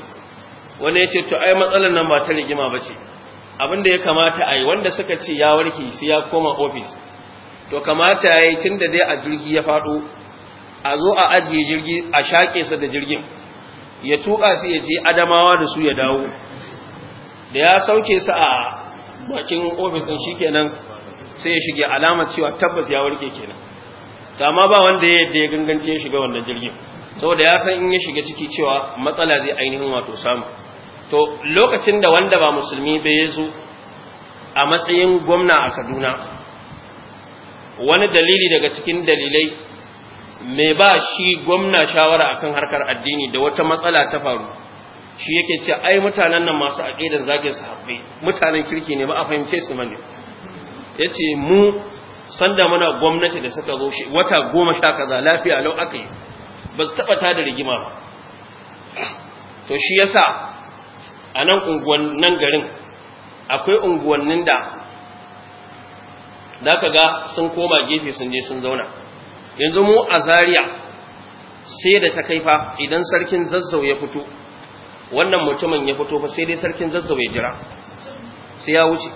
Speaker 1: wani ya ce to ai matsalar nan ba ta rigima ba ce da ya kamata a yi wanda suka ce ya warki sai ya koma ofis to kamata ya yi tun da dai a jirgi ya faɗo a zo a ajiye jirgi a shaƙe sa da jirgin ya tuƙa su ya je adamawa da su ya dawo da ya sauke su a bakin ofis ɗin kenan sai ya shige alamar cewa tabbas ya warke kenan ta ma ba wanda ya yadda ya gangance ya shiga wannan jirgin saboda ya san in ya shiga ciki cewa matsala zai ainihin wato samu to lokacin da wanda ba musulmi bai ya zo a matsayin gwamna a Kaduna wani dalili daga cikin dalilai mai ba shi gwamna shawara akan harkar addini da wata matsala ta faru shi yake ce ai mutanen nan masu aqidar zagin sahabbai mutanen kirki ne ba a fahimce su bane yace mu sanda muna gwamnati da suka zo shi wata goma sha kaza lafiya lau akai yi ba su taɓa tada rigima ba to shi yasa a nan unguwannin garin akwai unguwannin da zaka ga sun koma gefe sun je sun zauna yanzu mu a Zariya sai da ta kaifa idan sarkin zazzau ya fito wannan mutumin ya fito fa sai dai sarkin zazzau ya jira sai ya wuce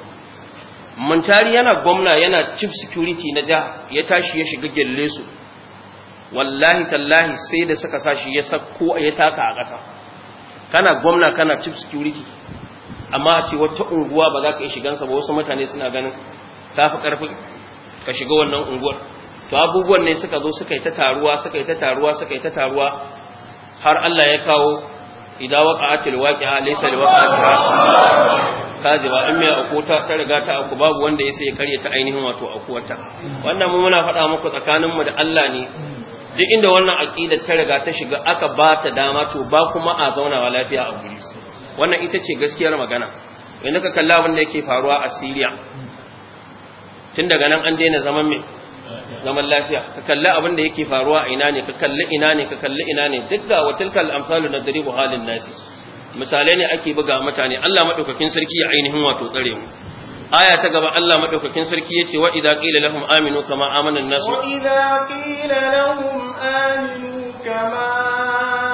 Speaker 1: mantari yana gwamna yana chief security na jiha ya tashi ya shiga gelle su wallahi tallahi sai da suka sashi ya sako ya taka a kasa. kana gwamna kana chief security amma a ce wata unguwa ba za ka yi shigansa ba wasu mutane suna ganin ta fi ka shiga wannan unguwar to abubuwan ne suka zo suka yi ta taruwa suka yi ta taruwa suka yi ta taruwa har Allah ya kawo idan waqa'atil a laysa liwaqa'atiha ba in mai akuta ta riga ta aku babu wanda ya sai karya ta ainihin wato akuwarta wannan mu muna faɗa muku tsakanin mu da Allah ne duk inda wannan aqidar ta riga ta shiga aka ba ta dama to ba kuma a zaunawa lafiya a guri wannan ita ce gaskiyar magana idan ka kalla abin da yake faruwa a Syria tun daga nan an daina zaman mai zaman lafiya ka kalli abin da yake faruwa a ina ne ka kalli ina ne ka kalli ina ne duk ga watilkal amsalu nadribu halin nasi misalai ne ake buga mutane Allah madaukakin sarki ya ainihin wato tsare mu aya ta gaba Allah madaukakin sarki yace wa idza qila lahum aminu kama amana an-nas wa
Speaker 2: idza qila lahum aminu kama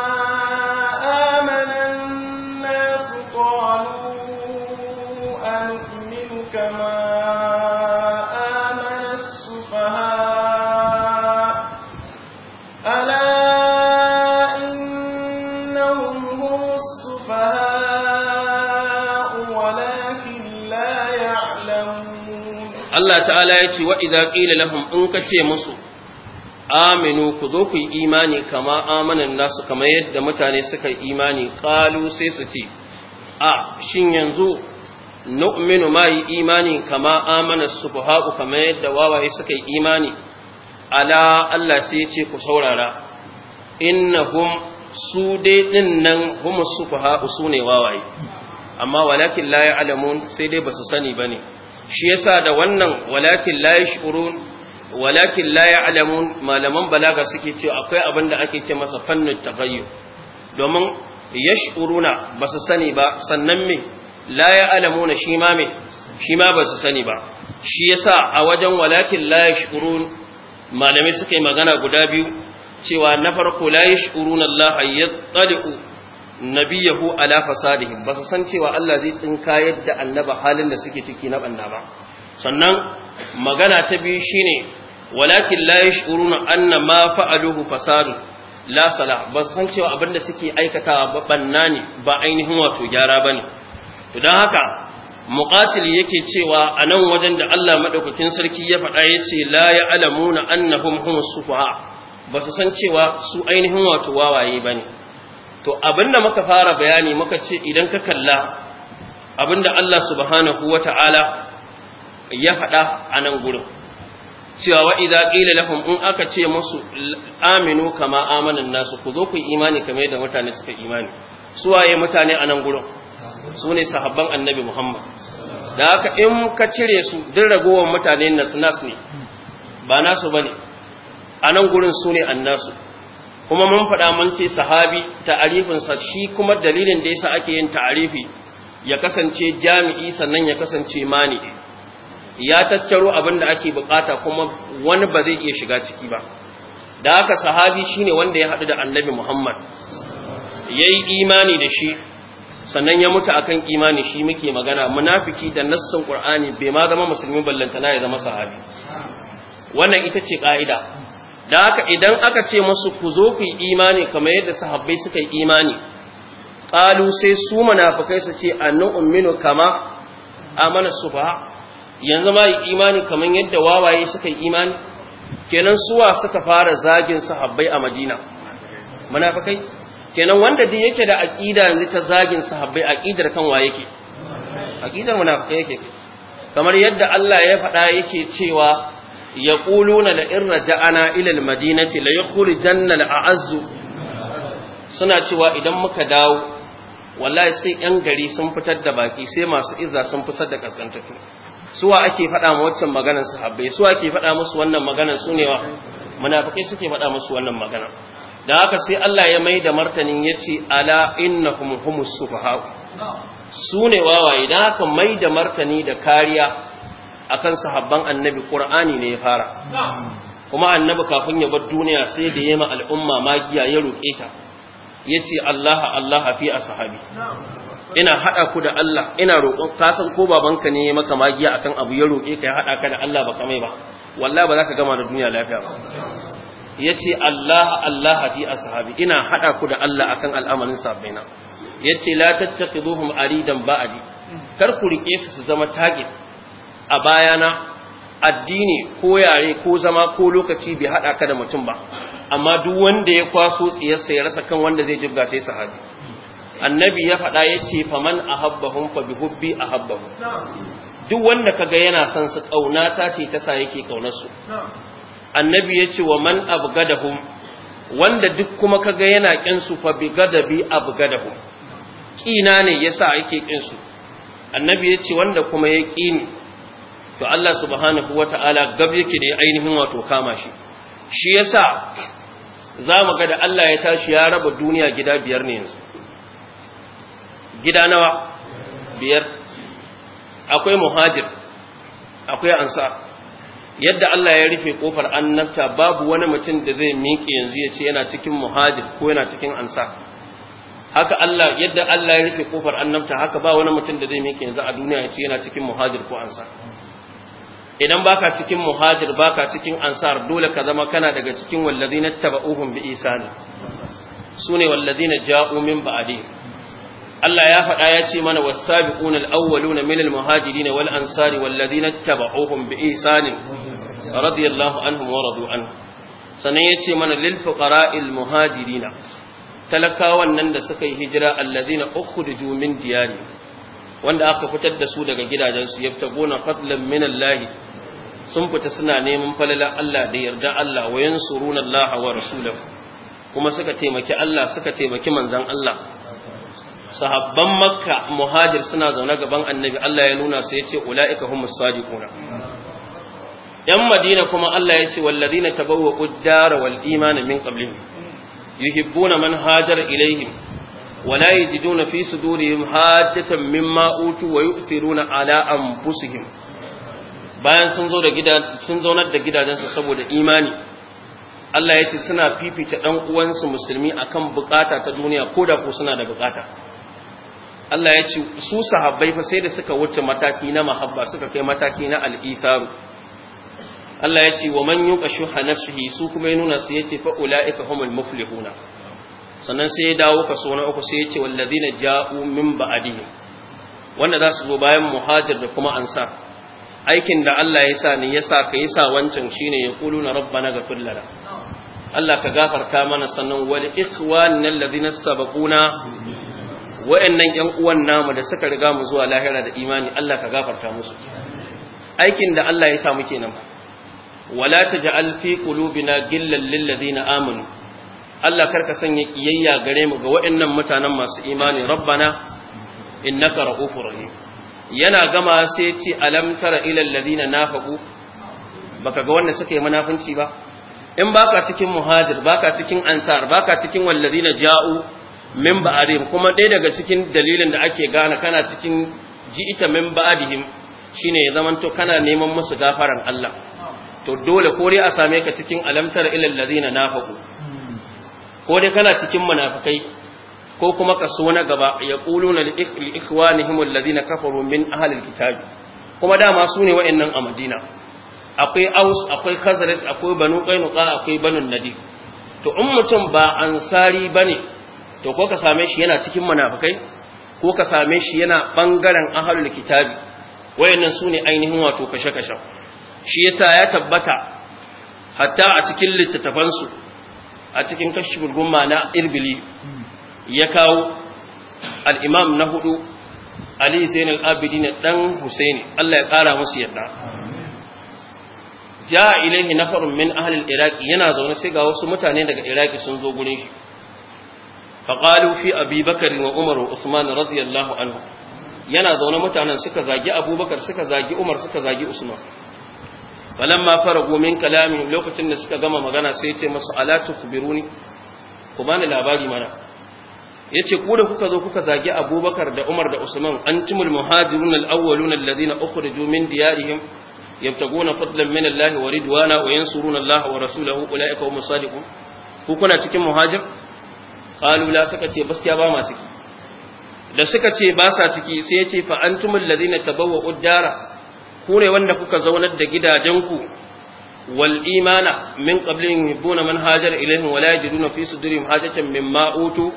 Speaker 1: Allah ta'ala ya ce wa idza qila lahum in ka ce musu aminu ku zo ku yi imani kama amanan nasu kama yadda mutane suka yi imani qalu sai su ce a shin yanzu nu'minu ma yi imani kama amana haƙu kama yadda wawaye suka yi imani ala Allah sai ya ce ku saurara innahum su dai din nan humus su sune wawaye amma walakin la ya'lamun sai dai basu sani ba ne. shi yasa da wannan walakin la yashurun walakin la ya'lamun malaman balaga suke cewa akwai abin da ake ce masa fannin taghayyur domin yashuruna ba su sani ba sannan me la ya'lamuna shi ma me shi ma ba su sani ba shi yasa a wajen walakin la yashurun malamai suke magana guda biyu cewa na farko la yashurun Allah tsad'u nabiyahu ala fasadihim ba su san cewa Allah zai tsinka yadda annaba halin da suke ciki na banna ba sannan magana ta biyu shine walakin la yashuruna anna ma fa'aluhu fasadu la sala ba su san cewa abinda suke aikatawa ba banna ne ba ainihin wato gyara bane to dan haka muqatil yake cewa a nan wajen da Allah madaukakin sarki ya faɗa yace la ya'lamuna annahum hum sufaha ba su san cewa su ainihin wato wawaye bane to abinda muka fara bayani muka ce idan ka kalla abinda Allah subhanahu wata'ala ya faɗa a nan gurin cewa wa idza lahum in aka ce musu aminu kama amanan nasu ku zo ku imani kamar da mutane suka imani suwaye mutane a nan gurin su ne sahabban annabi Muhammad da haka in ka cire su duk ragowar mutane nas nas ne ba nasu bane a nan gurin su ne annasu kuma mun faɗa mun ce sahabi ta'arifinsa shi kuma dalilin da yasa ake yin ta'arifi ya kasance jami'i sannan ya kasance mani ya tattaro abin da ake bukata kuma wani ba zai iya shiga ciki ba da haka sahabi shine wanda ya haɗu da annabi Muhammad yayi imani da shi sannan ya mutu akan imani shi muke magana munafiki da nassan qur'ani bai ma zama musulmi ballantana ya zama sahabi wannan ita ce ka'ida da haka idan aka ce musu ku zo ku yi imani kamar yadda sahabbai suka yi imani qalu sai su munafikai su ce annu'minu kama amana subha yanzu ma yi imani kamar yadda wawaye suka yi imani kenan suwa suka fara zagin sahabbai a Madina munafikai kenan wanda duk yake da aqida yanzu ta zagin sahabbai aqidar kan wa yake aqidar munafikai yake kamar yadda Allah ya faɗa yake cewa yaquluna la in raja'ana ila al-madinati la yukhrijanna suna cewa idan muka dawo wallahi sai yan gari sun fitar da baki sai masu izza sun fitar da kaskantatu suwa ake faɗa ma waccan maganar sahabbai suwa ake faɗa musu wannan maganar su ne wa? munafikai suke faɗa musu wannan maganar da haka sai Allah ya mai da martanin ya ce ala innahum humus sufaha su ne wawaye da haka mai da martani da kariya akan sahabban annabi qur'ani ne ya fara kuma annabi kafin ya bar duniya sai da yema al'umma magiya ya roke ta yace Allah Allah fi ashabi ina hada ku da Allah ina roƙon ka san ko babanka ne maka magiya akan abu ya roke ka ya hada ka da Allah baka mai ba wallahi ba za ka gama da duniya lafiya ba yace Allah Allah fi ashabi ina hada ku da Allah akan al'amarin sabaina yace la tattaqiduhum aridan ba'di kar ku rike su su zama target a bayana addini ko yare ko zama ko lokaci bai haɗa ka da mutum ba amma duk wanda ya kwaso tsiyarsa ya rasa kan wanda zai jibga sai sa sahabi annabi ya faɗa ya ce faman ahabbahum fa bihubbi ahabbahum duk wanda kaga yana son su kauna ta ce ta sa yake kaunar su annabi ya ce wa man abgadahum wanda duk kuma kaga yana kin su fa bi gadabi abgadahum kina ne yasa yake kin su annabi ya ce wanda kuma ya kini to Allah subhanahu wata'ala gab yake da ainihin wato kama shi shi yasa za mu ga da Allah ya tashi ya raba duniya gida biyar ne yanzu gida nawa biyar akwai muhajir akwai ansa yadda Allah ya rufe kofar annabta babu wani mutum da zai miƙe yanzu ya ce yana cikin muhajir ko yana cikin ansa haka Allah yadda Allah ya rufe kofar annabta haka ba wani mutum da zai miƙe yanzu a duniya ya ce yana cikin muhajir ko ansa idan baka cikin muhajir baka cikin ansar dole ka zama kana daga cikin walladina taba'uhum bi isani sune walladina ja'u min ba'di Allah ya faɗa ya ce mana was-sabiquna awwaluna min al-muhajirin wal ansari walladina taba'uhum bi isani radiyallahu anhum wa radu anhu sannan ya ce mana lil fuqara'il muhajirina talakawan nan da suka yi hijira alladina da min diyarihim wanda aka fitar da su daga gidajensu gona fadlan min Allah sun fita suna neman falalan Allah da yarda Allah wa yansuruna Allah wa rasulahu kuma suka taimaki Allah suka taimaki manzon Allah sahabban makka muhajir suna zaune gaban annabi Allah ya nuna sai ya ce ulaika humus sadiquna yan madina kuma Allah ya ce walladina tabawwa'u ad-dara wal imana min qablihim yuhibbuna man hajara ilaihim wala يجدون في صدورهم حاجة مما أوتوا ويؤثرون على أنفسهم bayan sun zo da gida sun zaunar da gidajensu saboda imani Allah ya ce suna fifita dan uwansu musulmi akan bukata ta duniya koda ko suna da bukata Allah ya ce su sahabbai fa sai da suka wuce mataki na mahabba suka kai mataki na al'isaru. Allah ya ce wa man yuqashu nafsihi su kuma ya nuna su yace fa ulaika humul muflihuna sannan sai ya dawo kaso na uku sai ya ce wallazina ja'u min ba'dihim wanda za su zo bayan muhajir da kuma ansar aikin da Allah ya sa ni ya sa ka yi sa wancan shine ya kulu na rabbana ghafir lana Allah ka gafarta mana sannan wal ikhwanina alladhina sabaquna wa'annan yan uwan namu da suka riga mu zuwa lahira da imani Allah ka gafarta musu aikin da Allah ya sa muke nan wala taj'al fi qulubina gillan lil ladina amanu Allah karka sanya kiyayya gare mu ga waɗannan mutanen masu imani rabbana innaka ra'ufur rahim yana gama sai ce alam tara ilal ladina nafaqu baka ga wanda suka yi munafunci ba in baka cikin muhajir baka cikin ansar baka cikin ladina ja'u min ba'arim kuma ɗaya daga cikin dalilin da ake gane kana cikin ji'ita min ba'adihim shine ya zamanto kana neman musu gafaran Allah to dole ko dai a same ka cikin tara ilal ladina nafaqu ko dai kana cikin munafikai ko kuma ka so na gaba ya na li ikhwanihim alladhina kafaru min ahli kitabi. kuma dama su ne wayannan a Madina akwai Aus akwai Khazraj akwai Banu Qainuqa akwai Banu Nadi. to in mutum ba ansari bane to ko ka same shi yana cikin munafikai ko ka same shi yana bangaren ahlul kitabi wayannan sune ainihin wato kashe-kashe shi ta ya tabbata hatta a cikin littattafansu a cikin kashiful gumma na irbili ya kawo al-imam na hudu ali Zainab, al na dan husaini Allah ya ƙara musu yadda ja ilaihi na min ahli iraki yana zaune sai ga wasu mutane daga iraki sun zo gurin shi faqalu fi abi wa umar wa usman radiyallahu anhu yana zaune mutanen suka zagi abubakar suka zagi umar suka zagi usman falamma faragu min kalami lokacin da suka gama magana sai ce masu ala tukbiruni ku bani labari mana yace ku da kuka zo kuka zagi Abubakar da Umar da Usman antumul muhajirun al-awwalun alladhina ukhriju min diyarihim yabtaguna fadlan min Allah wa ridwana wa yansuruna Allah wa rasulahu ulaika hum sadiqun ku kuna cikin muhajir qalu la suka ce baskiya ba ma ciki da suka ce ba sa ciki sai yace fa antumul ladina tabawwa'u dara ku ne wanda kuka zaunar da gidajenku wal imana min qablihim yuhibbuna man hajara ilaihim wa la yajiduna fi sudurihim hajatan mimma utu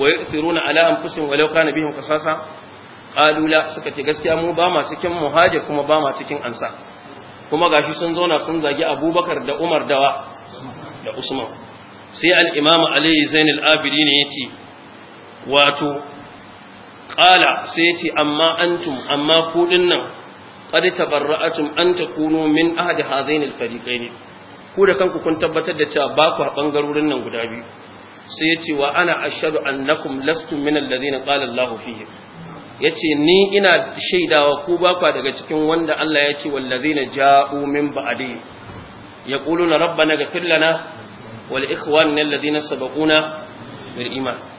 Speaker 1: wa yusiruna ala anfusihim walau kana bihim qasasa qalu la suka ce gaskiya mu ba ma cikin muhajir kuma ba ma cikin ansa kuma gashi sun zauna sun zagi Abubakar da Umar dawa da Usman sai al-Imam Ali Zainul Abidin yace wato qala sai yace amma antum amma ku dinnan qad atum an takunu min ahad hadhain al-fariqayn ku da kanku kun tabbatar da cewa ba ku bangarorin nan guda biyu sai ya ce wa ana ashhadu annakum lastum min alladhina qala Allahu fihim yace ni ina shaidawa ku bakwa daga cikin wanda Allah ya ce wallazina ja'u min ba'di yaquluna rabbana ghfir lana wal ikhwanina alladhina sabaquna bil iman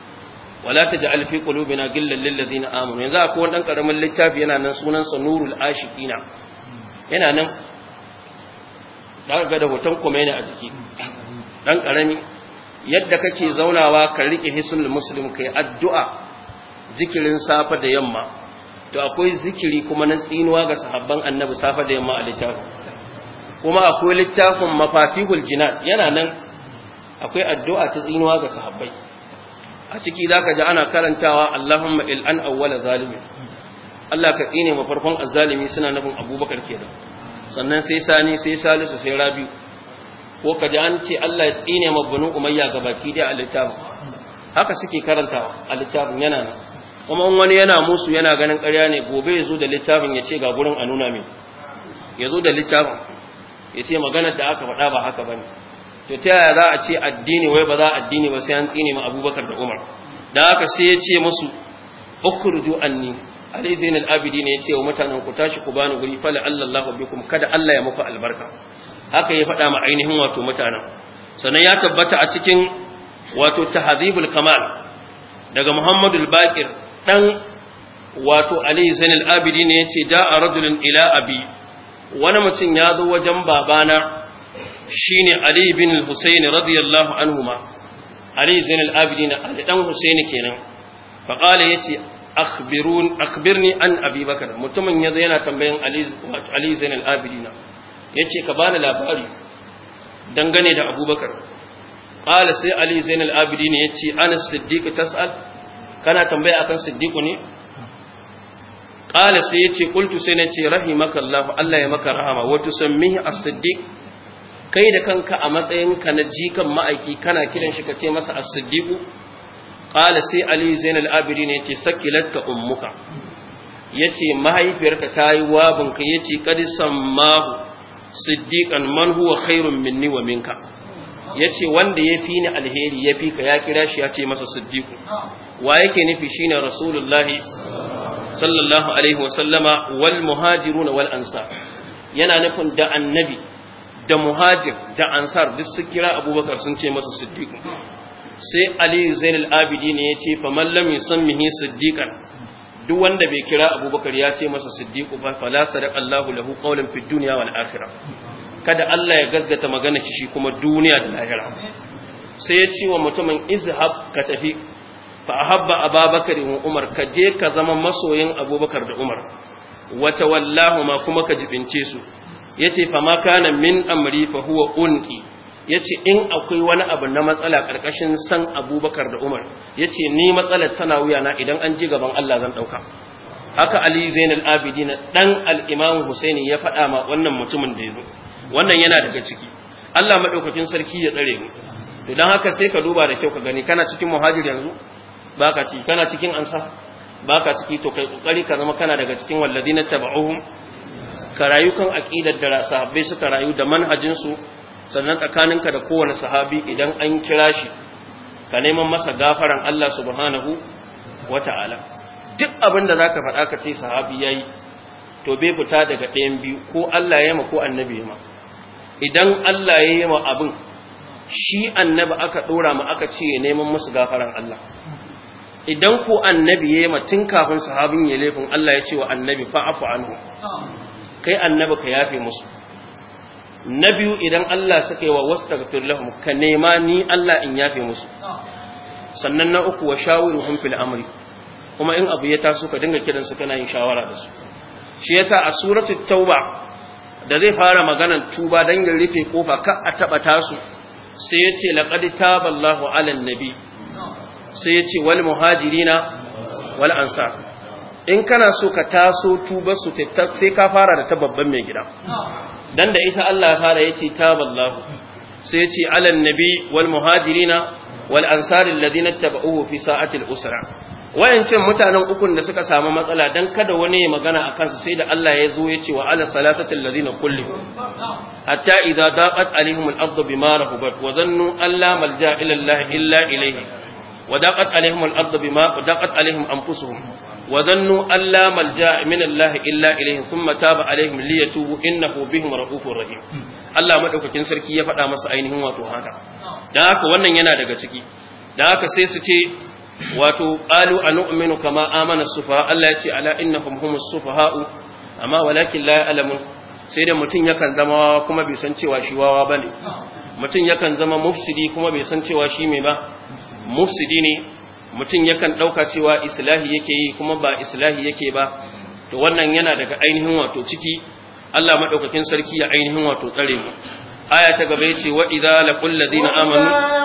Speaker 1: wala taj'al fi gillan ghillan na ladina amanu yanzu akwai wani dan karamin littafi yana nan sunan sa nurul ashiqina yana nan daga da hoton komai ne a jiki dan karami yadda kake zaunawa ka rike Hisul muslim kai addu'a zikirin safa da yamma to akwai zikiri kuma na tsinuwa ga sahabban annabi safa da yamma a littafin kuma akwai littafin mafatihul jinan yana nan akwai addu'a ta tsinuwa ga sahabbai a ciki za ka ji ana karantawa Allahumma il'an awwala zalimi Allah ka tsine ma farkon azalimi suna nufin Abubakar ke da. sannan sai sani sai salisu sai rabi ko ka ji an ce Allah ya tsine ma banu umayya baki da a littafin haka suke karantawa a littafin yana nan kuma wani yana musu yana ganin ƙarya ne gobe ya zo da littafin ya ce ga gurin a nuna min ya zo da littafin ya ce maganar da aka faɗa ba haka ba ne to ta yaya za a ce addini wai ba za addini ba sai an tsine ma abubakar da umar dan haka sai ya ce musu ukhruju anni ali zain al-abidi ne ya ce wa mutanen ku tashi ku bani guri fa la'allahu bikum kada Allah ya muku albarka haka ya faɗa ma ainihin wato mutanen sannan ya tabbata a cikin wato tahzibul kamal daga muhammadu al-baqir dan wato ali zain al-abidi ne ya ce da'a ila abi wani mutum ya zo wajen babana shine Ali bin al-Husayn radiyallahu anhuma Ali zain al-Abidin Ali dan Husayn kenan fa qala yace akhbirun akhbirni an Abi Bakar mutumin yazo yana tambayan Ali Ali zain al-Abidin yace ka bani labari dangane da Abubakar qala sai Ali zain al-Abidin yace ana siddiq tas'al kana tambaya akan siddiq ne qala sai yace qultu sai nace rahimakallahu Allah ya maka rahama wa tusammihi as-siddiq kai da kanka a matsayinka na jikan ma'aiki kana kiran shi ka ce masa a siddiqu Ƙala sai ali zainab abidin yace sakilatka ummuka yace mahaifiyarka ta yi wabin ka yace qad sammahu manhuwa man huwa khairun minni wa minka yace wanda fi ni alheri yafi ka ya kira shi yace masa siddiqu wa yake nufi shine rasulullahi sallallahu alaihi wa sallama wal muhajirun wal ansar yana nufin da annabi da muhajir da ansar duk su kira abubakar sun ce masa siddiq sai ali zainul abidi ne ya ce fa mallam mihi siddiqan duk wanda bai kira abubakar ya ce masa siddiqu fa fala sadaqa Allahu lahu qawlan fid dunya wal akhirah kada Allah ya gaskata magana shi shi kuma duniya da lahira sai ya ce wa mutumin izhab ka tafi fa ahabba ababakar wa umar ka je ka zama masoyin abubakar da umar wata wallahu ma kuma ka jibince su yace fa ma kana min amri fa huwa unqi yace in akwai wani abu na matsala karkashin san Abubakar da Umar yace ni matsalar tana wuya na idan an ji gaban Allah zan ɗauka. haka Ali Zainal Abidin dan al-Imam Husaini ya faɗa ma wannan mutumin da ya zo wannan yana daga ciki Allah madaukakin sarki ya tsare mu idan haka sai ka duba da kyau ka gani kana cikin muhajir yanzu baka ciki kana cikin ansa baka ciki to kai kokari ka zama kana daga cikin walladina tabauhum ka rayu kan aqidar da sahabbai suka rayu da manhajin su sannan tsakaninka da kowane sahabi idan an kira shi ka neman masa gafaran Allah subhanahu wata'ala duk abin da zaka faɗa ka ce sahabi yayi to bai fita daga ɗayan biyu ko Allah ya ma ko annabi ya ma idan Allah ya yi ma abin shi annabi aka ɗora ma aka ce ya neman masa gafaran Allah idan ko annabi ya yi ma tun kafin sahabin ya laifin Allah ya ce wa annabi fa'afu anhu
Speaker 3: oh.
Speaker 1: kai annabi ka yafe musu na biyu idan Allah suka yi wa wastaghfir lahum ka nema ni Allah in yafe musu sannan na uku wa shawiruhum fil amri kuma in abu ya taso ka dinga kiran su kana yin shawara da su shi yasa a suratul tauba da zai fara maganan tuba dan rufe kofa ka a taba tasu sai yace laqad taballahu alannabi nabi sai yace wal muhajirina wal ansar in kana so ka taso tuba su sai ka fara da ta babban mai gida dan da ita Allah ya fara yace ballahu. sai yace alan nabi wal muhajirina wal ansar alladhina tabauhu fi sa'ati al usra wayancin mutanen ukun da suka samu matsala dan kada wani ya magana akan su sai da Allah ya zo yace wa ala salatati alladhina kulli hatta idza daqat alaihim al ardu bima rahabat wa dhannu alla malja'a ila Allah illa ilayhi ودقت عليهم الأرض بما ودقت عليهم أنفسهم وظنوا أن لا ملجا من الله إلا إليه ثم تاب عليهم ليتوبوا إنه بهم رؤوف رحيم Allah madaukakin sarki ya faɗa masa ainihin wato haka dan haka wannan yana daga ciki dan haka sai su ce wato qalu anu'minu kama amana sufaha Allah ya ce ala innahum humus sufaha'u amma walakin la ya'lamun sai da mutun yakan zama wawa kuma bai san cewa shi wawa bane mutun yakan zama mufsidi kuma bai san cewa shi me ba mufsidi ne mutum yakan ɗauka cewa islahi yake yi kuma ba islahi yake ba to wannan yana daga ainihin wato ciki Allah maɗaukakin sarki ya ainihin wato tsare mu aya ta gaba yace wa idza laqul ladina amanu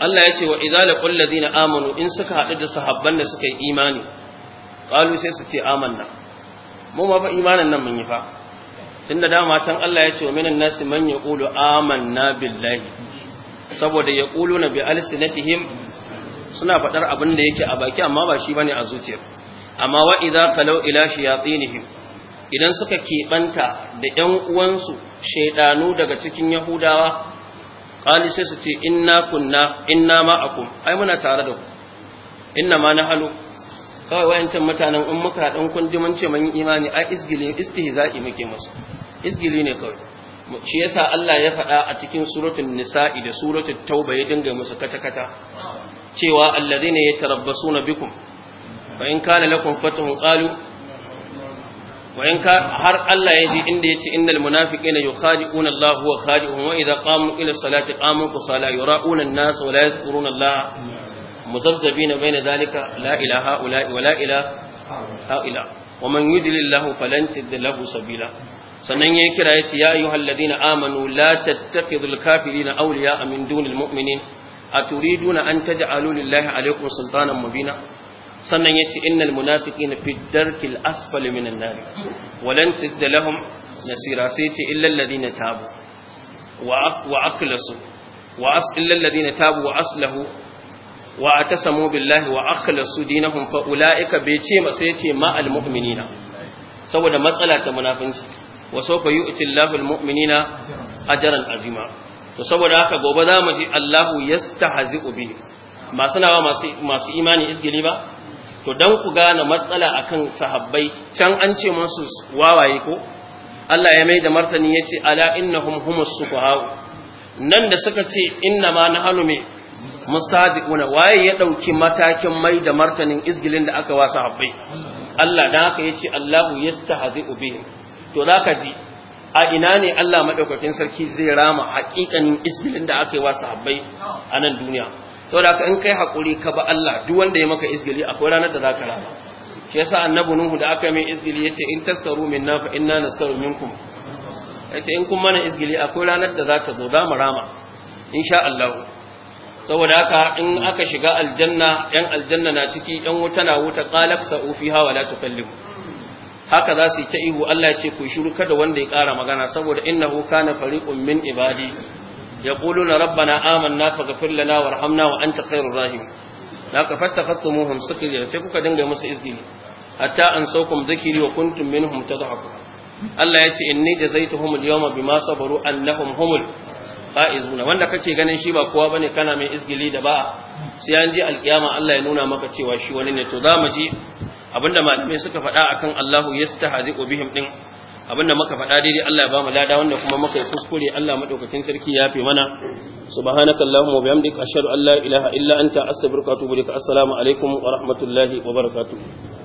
Speaker 1: Allah ya ce wa izala kullazi na amanu in suka haɗu da sahabban da suka yi imani ƙalu sai su ce aman mu ma fa imanin nan mun yi fa tunda dama can Allah ya ce wa minan nasi man ya Amanna billahi saboda ya na bi alisinatihim suna faɗar abin da yake a baki amma ba shi ba ne a zuciyar amma wa idza khalau ila shayatinihim idan suka keɓanta da 'yan uwansu shaidanu daga cikin yahudawa qali sai su ce inna kunna inna ma'akum ai muna tare da ku inna ma halu. kawai wayancin mutanen in muka dan kun mun ce mun yi imani ai isgili istihza'i muke musu isgili ne kawai shi yasa Allah ya faɗa a cikin suratul nisa'i da suratul tauba ya dinga musu kata kata cewa alladhina yatarabbasuna bikum wa in kana lakum fatuhun har Allah ya ji inda yace innal munafiqina yukhadi'una Allah wa khadi'uhum wa idza qamu ila salati qamu qusala yura'una wa مذبذبين بين ذلك لا إلى هؤلاء ولا إلى هؤلاء ومن يدل الله فلن تجد له سبيلا sannan ya kira ya ce ya yi halladina amanu la tattakidul na auliya a min dunil mu'minin a turiduna an taji alulillahi alaikum sultanan mubina sannan yace innal munafiqina fi darkil asfali minan nar walan tajid lahum nasira sai yace illal ladina tabu wa wa wa as illal ladina tabu wa aslahu wa atasamu billahi wa akhlasu dinahum fa ulaika bai ce ma sai ma al mu'minina saboda matsala ta munafinci wa sawfa yu'ti Allahu al mu'minina ajran azima to saboda haka gobe zamu ji Allahu yastahzi'u bi Masu suna ba masu imani isgili ba to dan ku gane matsala akan sahabbai can an ce musu wawaye ko Allah ya mai da martani yace ala innahum humus hau. nan da suka ce inna ma nahnu me mustadiquna waye ya dauki matakin mai da martanin izgilin da aka wasa sahabbai Allah dan haka yace Allahu yastahzi'u bihim to zaka ji a ina ne Allah madaukakin sarki zai rama haƙiƙanin izgilin da aka yi wa sahabbai a nan duniya saboda ka in kai hakuri ka ba Allah duk wanda ya maka izgili akwai ranar da za ka rama shi yasa annabi nuhu da aka mai izgili yace in taskaru minna fa inna naskaru minkum yace in kun mana izgili akwai ranar da za ta zo za mu rama insha Allah saboda haka in aka shiga aljanna yan aljanna na ciki yan wuta na wuta qalak hawa fiha wa la tukallim haka za su yi ta ihu Allah ya ce ku shiru kada wanda ya ƙara magana saboda innahu kana fariqun min ibadi yaquluna rabbana amanna faghfir lana warhamna wa anta khairur rahim la ka fattakhattumuhum sakira sai kuka dinga musu izgili hatta an saukum dhikri wa kuntum minhum tadhakun Allah ya ce inni jazaituhum al-yawma bima sabaru annahum humul fa'izuna wanda kake ganin shi ba kowa bane kana mai izgili da ba sai an ji alkiyama Allah ya nuna maka cewa shi wani ne to za mu ji abinda malamai suka faɗa akan Allahu yastahzi'u bihim ɗin. da muka faɗa daidai Allah ya ba mu lada wanda kuma muka yi kuskure Allah madaukakin sarki ya fi mana subhanaka allahumma wa bihamdika ashhadu an la ilaha illa anta astaghfiruka wa atubu ilaik assalamu alaikum wa rahmatullahi wa barakatuh